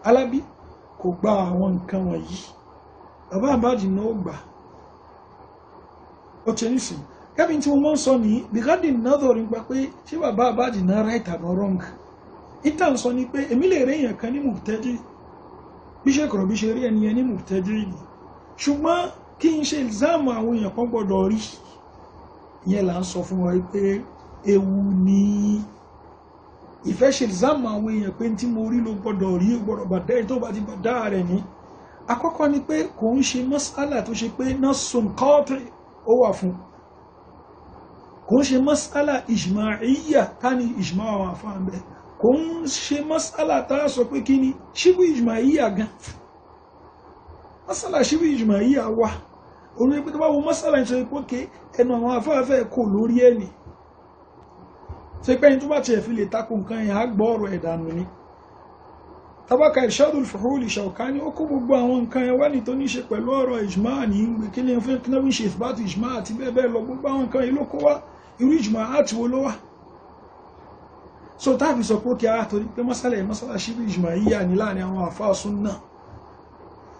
Halabi kò gba àwọn nǹkan wọ̀nyí bàbá àbájì náà ó gbà ó ti ń sìn kẹ́mi tí wọ́n sọ ní bìkádì náà dọ̀rí pa pé ṣé bàbá àbájì náà right àbọ̀ wrong ìtà ń sọ ni pé èmi lè rí èèyàn kan ní mùtẹ́jì bí ṣe kọ̀rọ̀ bí ṣe rí ẹni ẹni mùtẹ́jì yìí ṣùgbọ́n kí n ṣe ìzáàmù àwọn èèyàn kan gbọ́dọ̀ rí ìyẹn là ń sọ fún wa pé ewu ni ìfẹ́ ṣe ìzáàmù àwọn èèyàn pé tí mo rí ló gbọ́dọ̀ rí gbọ́dọ̀ bàdá tó bá ti bàdá rẹ̀ ní akọ́kọ́ ni pé kò ń ṣe mas'ala tó ṣe pé nasun qati ó wà fún kò ń ṣe mas'ala ijma'iyya ká ní ijma àwọn àfáà ń bẹ kò ń ṣe mas'ala tá a sọ pé kí ni ṣíbù ijma'iyya gan mas'ala ṣíbù ijma'iyya wà orí pé tó bá wo mas'ala ń sọ pé ké ẹnu àwọn afáfẹ́ kò lórí ẹni ṣe pé ẹni tó bá tiẹ̀ fi lè takò nǹkan yẹn á gbọ́ ọ̀rọ̀ ẹ̀dànù ni tabaka irshadul fuhuli Shawkani ó kó gbogbo àwọn nǹkan ẹwà ní tó ní ṣe pẹ̀lú ọ̀rọ̀ ijma ní ìgbè kí ni fún kínáwí ṣe ìfìbátù ijma àti bẹ́ẹ̀ bẹ́ẹ̀ lọ gbogbo àwọn nǹkan yìí ló kó wá irú ijma àti wo ló wá so táàfi sọ pé ó kí a torí pé mọ́sálẹ̀ mọ́sálà ṣíbí ijma yìí yà ní láàrin àwọn àfáà súnnà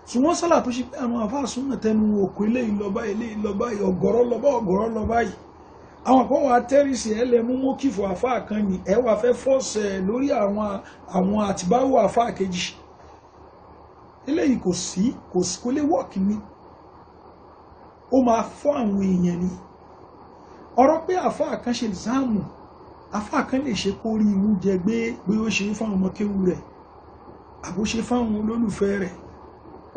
so wọ́n tó ṣe pé àwọn àfáà súnnà tẹnu òkú ilé ìlọba ilé ìlọba ọgọ́rọ́ lọba ọgọ́rọ́ lọba yìí àwọn kan wà tẹ́rìsì ẹ lẹ mú mókìfù àfáà kan yìí ẹ wà fẹ́ fọ́ọ̀sẹ̀ lórí àwọn àwọn àtibáwò àfáà kejì eléyìí kò sí kò sí kò lè wọ́ọ̀kì ni ó máa fọ́ àwọn èèyàn ni ọ̀rọ̀ pé àfáà kan ṣe záàmù àfáà kan lè ṣe kó rí ìwú jẹ gbé bí ó ṣe fáwọn ọmọ kéwú rẹ̀ àbó ṣe fáwọn olólùfẹ́ rẹ̀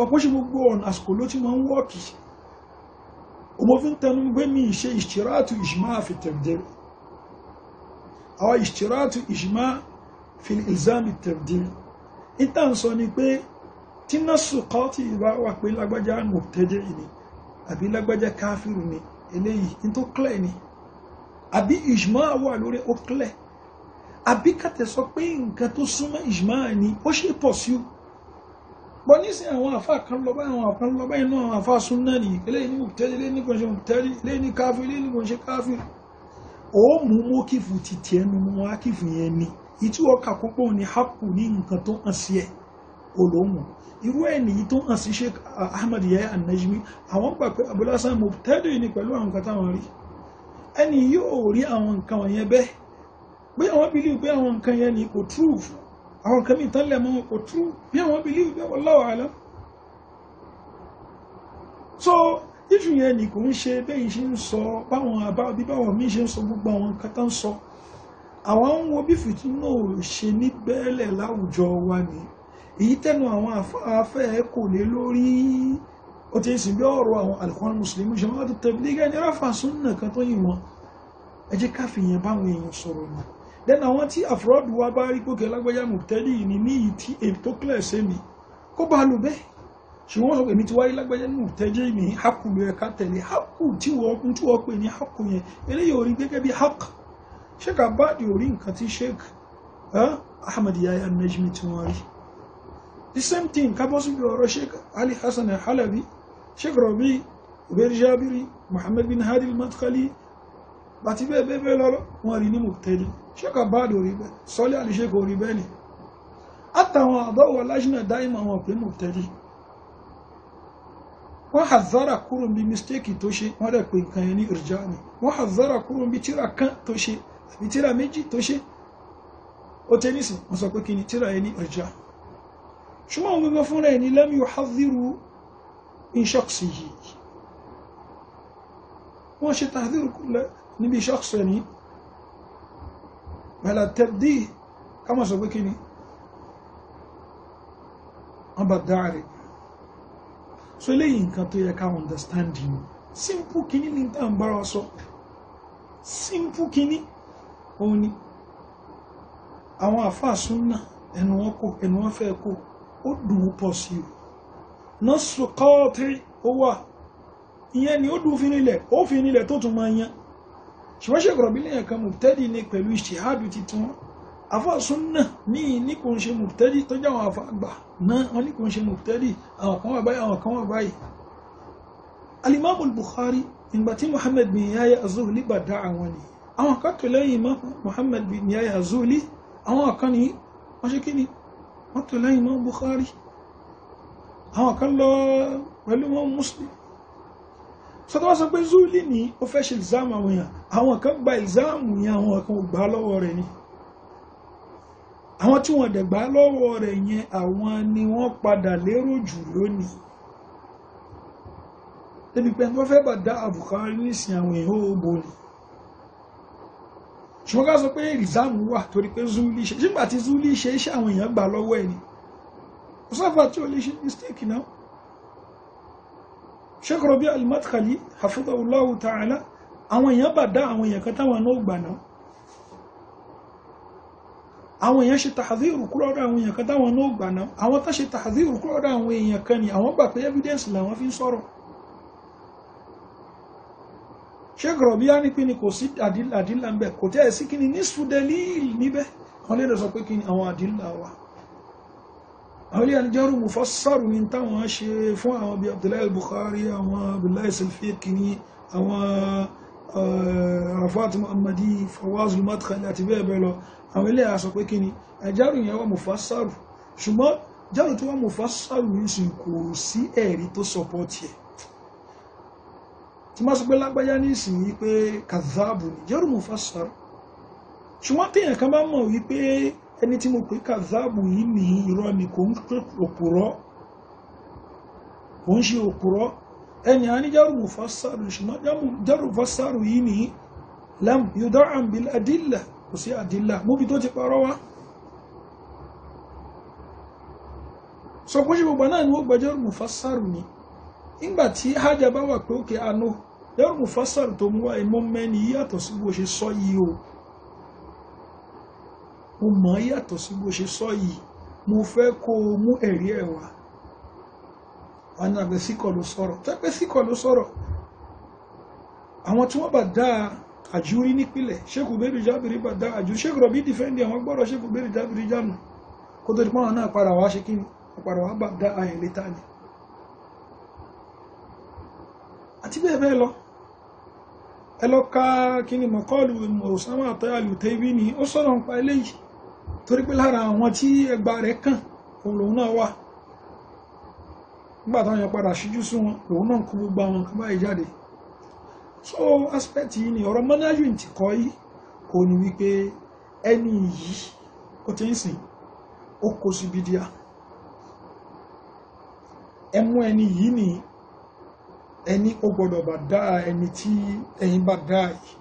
ọ̀pọ̀ ṣe gbogbo ọ̀nà àsìkò ló ti máa ń wọ́ọ̀kì mo fi ń tẹnu pé mi ṣe ìṣtirátù ìṣmá fi tẹ̀bdìl àwọn ìṣtirátù ìṣmá fi ìlzámi tẹ̀bdìl ìta ń sọ ni pé tí násù kọ́tì ìbá wà pé lágbájá mọ̀tẹ́jẹ́ ìní àbí lágbájá káfíìrù ni eléyìí ní tó clear ni àbí ìṣmá wà lórí ó clear àbí kàtẹ́ sọ pé nǹkan tó súnmọ́ ìṣmá bọ́ nísìnyí àwọn àfa kan lọ báyìí àwọn kan lọ báyìí náà àwọn àfa sún náà nìyí eléyìí ní mùtẹ́lì eléyìí ní kòńṣe mùtẹ́lì eléyìí ní káfí eléyìí ní kòńṣe káfí ó mú mókìfù títí ẹnu mú ákìfù yẹn ni ìtú ọkà púpọ̀ ní hapù ní nǹkan tó hàn sí ẹ̀ olóhùn irú ẹ̀ nìyí tó hàn sí Sheikh Ahmad Yahya an àwọn gbà pé Abul mùtẹ́lì ni pẹ̀lú àwọn nǹkan táwọn rí ẹni yóò rí àwọn nǹkan wọ̀nyẹn bẹ́ẹ̀ pé àwọn bílíù pé àwọn nǹkan yẹn ni kò true àwọn kan mìí tán lẹ̀ mọ́ kò trú bí àwọn believe bẹ́ẹ̀ wallahu alam so iṣu yẹn ni kò ń ṣe bẹ́yìn ṣe ń sọ báwọn àbábí báwọn míì ṣe ń sọ gbogbo àwọn nǹkan tán sọ àwọn ń wo bí fìtí náà ṣe ní bẹ́ẹ̀lẹ̀ láwùjọ wa ni èyí tẹnu àwọn afẹ́ kò lé lórí ó ti ń sìn bí ọ̀rọ̀ àwọn Al-Ikhwan Muslimin ṣe wọ́n ti tẹ̀lé gẹ́gẹ́ ní ráfà súnnà kan tó yìn wọn ẹ jẹ́ káfíyàn báwọn èèyàn sọ̀rọ̀ náà then àwọn tí àfúrọ́dù wa bá rí gòkè lágbájá mùtẹ́lì ní ní ìyí tí èyí tó clear sí mi kó bá lò bẹ́ẹ̀ ṣùgbọ́n sọ pé èmi ti wáyé lágbájá mùtẹ́jẹ́ ní haku ló yẹ ká tẹ̀lé haku tí wọ́n tí wọ́n pè ní haku yẹn eléyìí orí gẹ́gẹ́ bí hak sheik abadi orí nǹkan tí sheik ahmed yahya nejmi tí wọ́n rí the same thing kábọ́sí bí ọ̀rọ̀ sheik ali hasan halabi sheik rabi uber jabiri muhammad bin hadi al-madkhali bàtí bẹ́ẹ̀ bẹ́ẹ̀ bẹ́ẹ̀ lọ́lọ́ wọn rí ní mùtẹ́lì ṣẹ́kà báàdì orí bẹ́ẹ̀ sọ́lé àlìṣẹ́kọ̀ orí bẹ́ẹ̀ ni àtàwọn àdọ́wọ̀ aláṣínà dáìmọ̀ àwọn pé mùtẹ́lì wọ́n hazara kúrò bí mistake tó ṣe wọ́n rẹ̀ pé nǹkan yẹn ní ìrìjà ni wọ́n hazara kúrò bí tíra kan tó ṣe àbí tíra méjì tó ṣe ó tẹ́ nísìn wọ́n sọ pé kí ni tíra yẹn ní ṣùgbọ́n wọn gbogbo fúnra ẹ̀ lẹ́mí yóò haziru in yìí wọ́n ṣe tàhíru kúlẹ̀ níbi ṣọ́ọ̀sì ẹ̀ ní bẹ̀lá tẹ̀dí kámọ̀ sọ pé kíni wọ́n bá dáre so eléyìí nǹkan tó yẹ ká understanding simple kíní ní tá à ń bára sọ simple kíní òun ni àwọn àfáàsùn náà ẹnu wọn kò ẹnu wọn fẹ́ kó ó dùn ún pọ̀ sí i nọ́ọ̀sì kọ́ọ̀tì ó wà ìyẹn ni ó dùn fi nílẹ̀ ó fi nílẹ̀ tó tún máa yan ṣùgbọ́n ṣe gọ̀rọ̀bí ní ẹ̀kan mùtẹ́dì ni pẹ̀lú ìṣèhádù titun afọ́sún náà ní ní kò ń ṣe mùtẹ́dì tó jẹ́ àwọn àfàgbà náà wọ́n ní kò ń ṣe mùtẹ́dì àwọn kan wà báyìí àwọn kan wà báyìí alimamu bukhari ìgbà tí muhammad bin yahya az-zuhli bá dá àwọn ni àwọn kan tó lẹ́yìn mọ́ muhammad bin yahya az àwọn kan ní wọ́n ṣe kí wọ́n tó lẹ́yìn mọ́ bukhari àwọn kan lọ pẹ̀lú wọn muslim sọ́tọ́ wọ́n sọ pé zuli ní ó fẹ́ ṣe ìzáàmù àwọn èèyàn àwọn kan gba ìzáàmù yẹn àwọn kan gbà lọ́wọ́ rẹ̀ ni àwọn tí wọ́n dẹ̀ gbà lọ́wọ́ rẹ̀ yẹn àwọn ni wọ́n padà lérò jù lónìí débi pé wọ́n fẹ́ bà dá àbùkárí nísìn àwọn èèyàn ó bò ní ṣùgbọ́n ká sọ pé ìzáàmù wà torí pé zuli ṣe nígbà tí zuli ṣe iṣẹ́ àwọn èèyàn gbà lọ́wọ́ ẹ̀ ni ọ̀sáfà mistake náà sheikh rabi al-madkhali hafidhahullahu ta'ala àwọn èèyàn bá dá àwọn èèyàn kan táwọn náà gbà náà àwọn èèyàn ṣe tàhàdírù kúrò ọ̀dọ̀ àwọn èèyàn kan táwọn náà gbà náà àwọn tó ṣe tàhàdírù kúrò ọ̀dọ̀ àwọn èèyàn kan ni àwọn gbà pé evidence làwọn fi ń sọ̀rọ̀ sheikh rabi á ní pé ni kò sí àdìlà àwọn ilé àníjẹ́rù mufassaru ní táwọn ṣe fún àwọn bíi abdullahi bukhari àwọn abdullahi silfikini àwọn eh, arafat muhammadi fawazul madkhali àti bẹ́ẹ̀ bẹ́ẹ̀ lọ àwọn ilé àsọ pé kí ni àjẹ́rù yẹn wà mufassaru ṣùgbọ́n jẹ́rù tó wà mufassaru ní sìn kò sí ẹ̀rí tó sọpọ́tì ẹ̀ tí máa sọ pé lágbájá ní ìsìn yìí pé kazaabu ni jẹ́rù mufassaru ṣùgbọ́n téèyàn kan bá mọ̀ wípé ẹni tí mo pè kàzáàbù yìí ní irọ́ ni kò ń pè òkúrọ́ kò ń ṣe òkúrọ́ ẹni àní járùmù fásárù ṣùgbọ́n járùmù fásárù yìí ní lam yudha'an bil adilla kò sí adilla múbi tó ti parọ́ wá sọ pé ṣe gbogbo náà ni wọ́n gba járùmù fásárù ni nígbà tí hajj bá wà pé òkè àánú járùmù fásárù tó mú wa ẹ̀mọ́ mẹ́ni yàtọ̀ sí bó ṣe sọ yìí o mo mọ̀ ọ́ yàtọ̀ sí bó ṣe sọ yìí mo fẹ́ kó o mú ẹ̀rí ẹ̀ wá wọn náà bẹ síkọ̀ ló sọ̀rọ̀ tẹ́pẹ́ síkọ̀ ló sọ̀rọ̀ àwọn tí wọ́n bá dá àjúrí nípìnlẹ̀ ṣékù bẹ́ẹ̀rì jábìrì bá dá àjúrí ṣékù rọ̀bì dìfẹ́ndì àwọn gbọ́dọ̀ ṣékù bẹ́ẹ̀rì jábìrì jánu kó tó di pọ́n náà padà wá ṣe kí ni wá bá dá àyẹ̀ létà ni àti bẹ́ẹ̀ bẹ́ẹ̀ lọ ẹ lọ ka kí ni mọ̀kọ́ọ̀lù Osama àtọ́yà ni ó sọ̀rọ̀ nípa eléyìí torí pé lára àwọn tí ẹgbà rẹ̀ kàn òun náà wà nígbà táwọn yẹn padà ṣíjú sí wọn òun náà kó gbogbo àwọn nǹkan báyìí jáde so aspect yìí ni ọ̀rọ̀ mọ́nájú ti kọ́ yìí kò ní wípé ẹni yìí ó ti ń sìn ó kó síbi díà ẹ mú ẹni yìí ni ẹni ó gbọ́dọ̀ bá dá ẹni tí ẹ̀yin bá dá yìí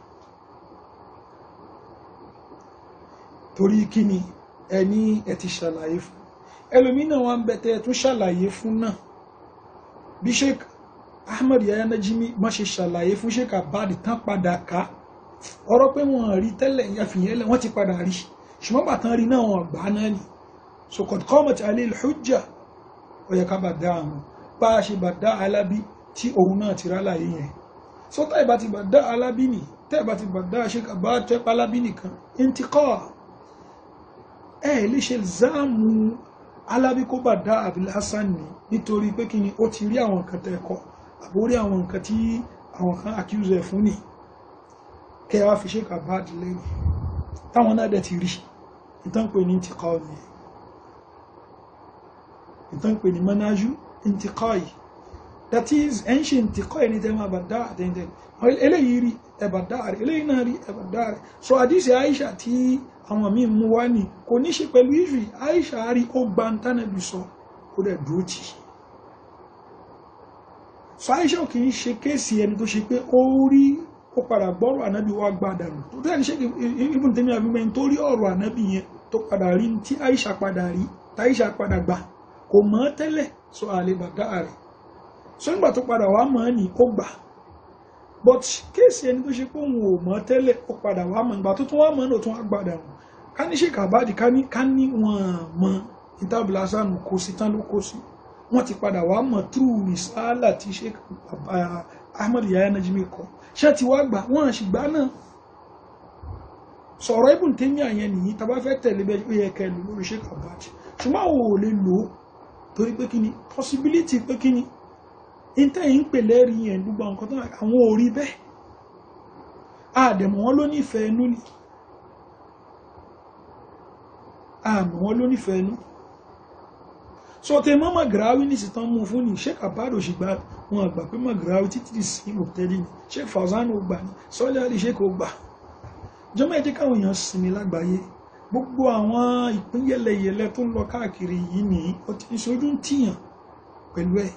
torí kí ni ẹni ẹ ti ṣàlàyé fún ẹlòmínà wọn bẹ̀tẹ̀ ẹ tún ṣàlàyé fún náà bí sheik ahmed yahya najimi má ṣe ṣàlàyé fún sheik abad tán padà ká ọ̀rọ̀ pé wọ́n rí tẹ́lẹ̀ ìyàfìyàn lẹ̀ wọ́n ti padà rí ṣùgbọ́n bàtán rí náà wọn gbà náà ni so qad qamat alayhi al-hujja ó yẹ ká bá dá àwọn bá a ṣe bá dá alábí tí òun náà ti rálàyé yẹn sọ́tà ìbá ti bá dá alábí nì tẹ́ ìbá ti bá dá sheik abad tẹ́ pálábí nìkan intiqaa ẹ lè ṣe záàmù alábíkóbà dá abilhassan ni nítorí pé kí ni ó ti rí àwọn nǹkan tẹ́ẹ̀kọ́ àbórí àwọn nǹkan tí àwọn kan accuse ẹ̀ fún ni kẹ́ wá fi ṣe kàbáàdì lẹ́yìn táwọn náà dẹ̀ ti rí ìtànpè ní ti kọ́ ni ìtànpè ní mọ́nájú ní ti yìí that is ancient kọ́ ẹni tẹ́ máa bàdá àtẹ́ntẹ́ eléyìí rí ẹ̀bàdá rẹ̀ eléyìí náà rí ẹ̀bàdá rẹ̀ so àdíṣe Aisha tí àwọn míì mú wá ní kò ní ṣe pẹ̀lú ìṣù Aisha rí ó gba ntánẹ́bì sọ ó dẹ̀ dúró tì so Aisha kì í ṣe kéèsì ẹni tó ṣe pé ó rí ó padà gbọ́rọ̀ ànábì wá gba dànù tó tẹ́ ní ṣe ibùn tẹ́mi àbígbẹ́ni tó rí ọ̀rọ̀ ànábì yẹn tó padà rí tí Aisha padà rí tí Aisha padà gbà kò mọ̀ tẹ́lẹ̀ so àlè bàdá rẹ̀ sọ́nìgbà tó padà wá mọ̀ ní ó gbà but kéèsì ẹni tó ṣe pé òun ò mọ̀ tẹ́lẹ̀ ó padà wá mọ̀ ìgbà tó tún wá mọ̀ náà tún wá gbàdà wọn ká ní ṣèkà àbáàdì ká ní wọn mọ ìtàbílásán kò sí tán ló kó sí wọn ti padà wá mọ̀ túrú rìsáàlà tí ṣèkà ah, Ahmad Yahya Najmi kọ ṣé ti wá gbà wọn àṣìgbà náà sọ̀rọ̀ ibùn tèmi àyẹn nìyí tá bá fẹ́ tẹ̀lé bẹ́ẹ̀ ó yẹ kẹ́ lórí ṣèkà àbáàdì ṣùgbọ́n àwọn ò lè lò ó torí pé kí possibility pé kí ìtẹ́ yìí ń pè lẹ́rìí yẹn gbogbo nǹkan tó àwọn orí bẹ́ẹ̀ àdẹ̀mọ̀ wọn ló nífẹ̀ẹ́ inú ni àmọ̀ wọn ló nífẹ̀ẹ́ inú sọ tẹ mọ́ magrawi ní ìsìtàn mú fún ní sheik abado ṣìgbà wọn àgbà pé magrawi títí di sí mọ̀tẹ́lì ni sheik fawzan ó gbà ní sọ́lẹ̀ àlè sheik ó gbà jọmọ ẹ jẹ́ káwọn èèyàn sinmi lágbàáyé gbogbo àwọn ìpín tó ń lọ káàkiri yìí nìyí ó ti ń sojú ń tìyàn pẹ̀lú ẹ̀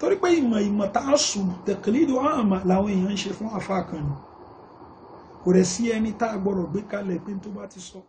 torí pé ìmọ̀ ìmọ̀ tá a sùn tẹ̀kìlídò àmà làwọn èèyàn ń ṣe fún àfáà kan ni kò rẹ̀ sí ẹni tá a gbé kalẹ̀ pé tó bá ti sọ.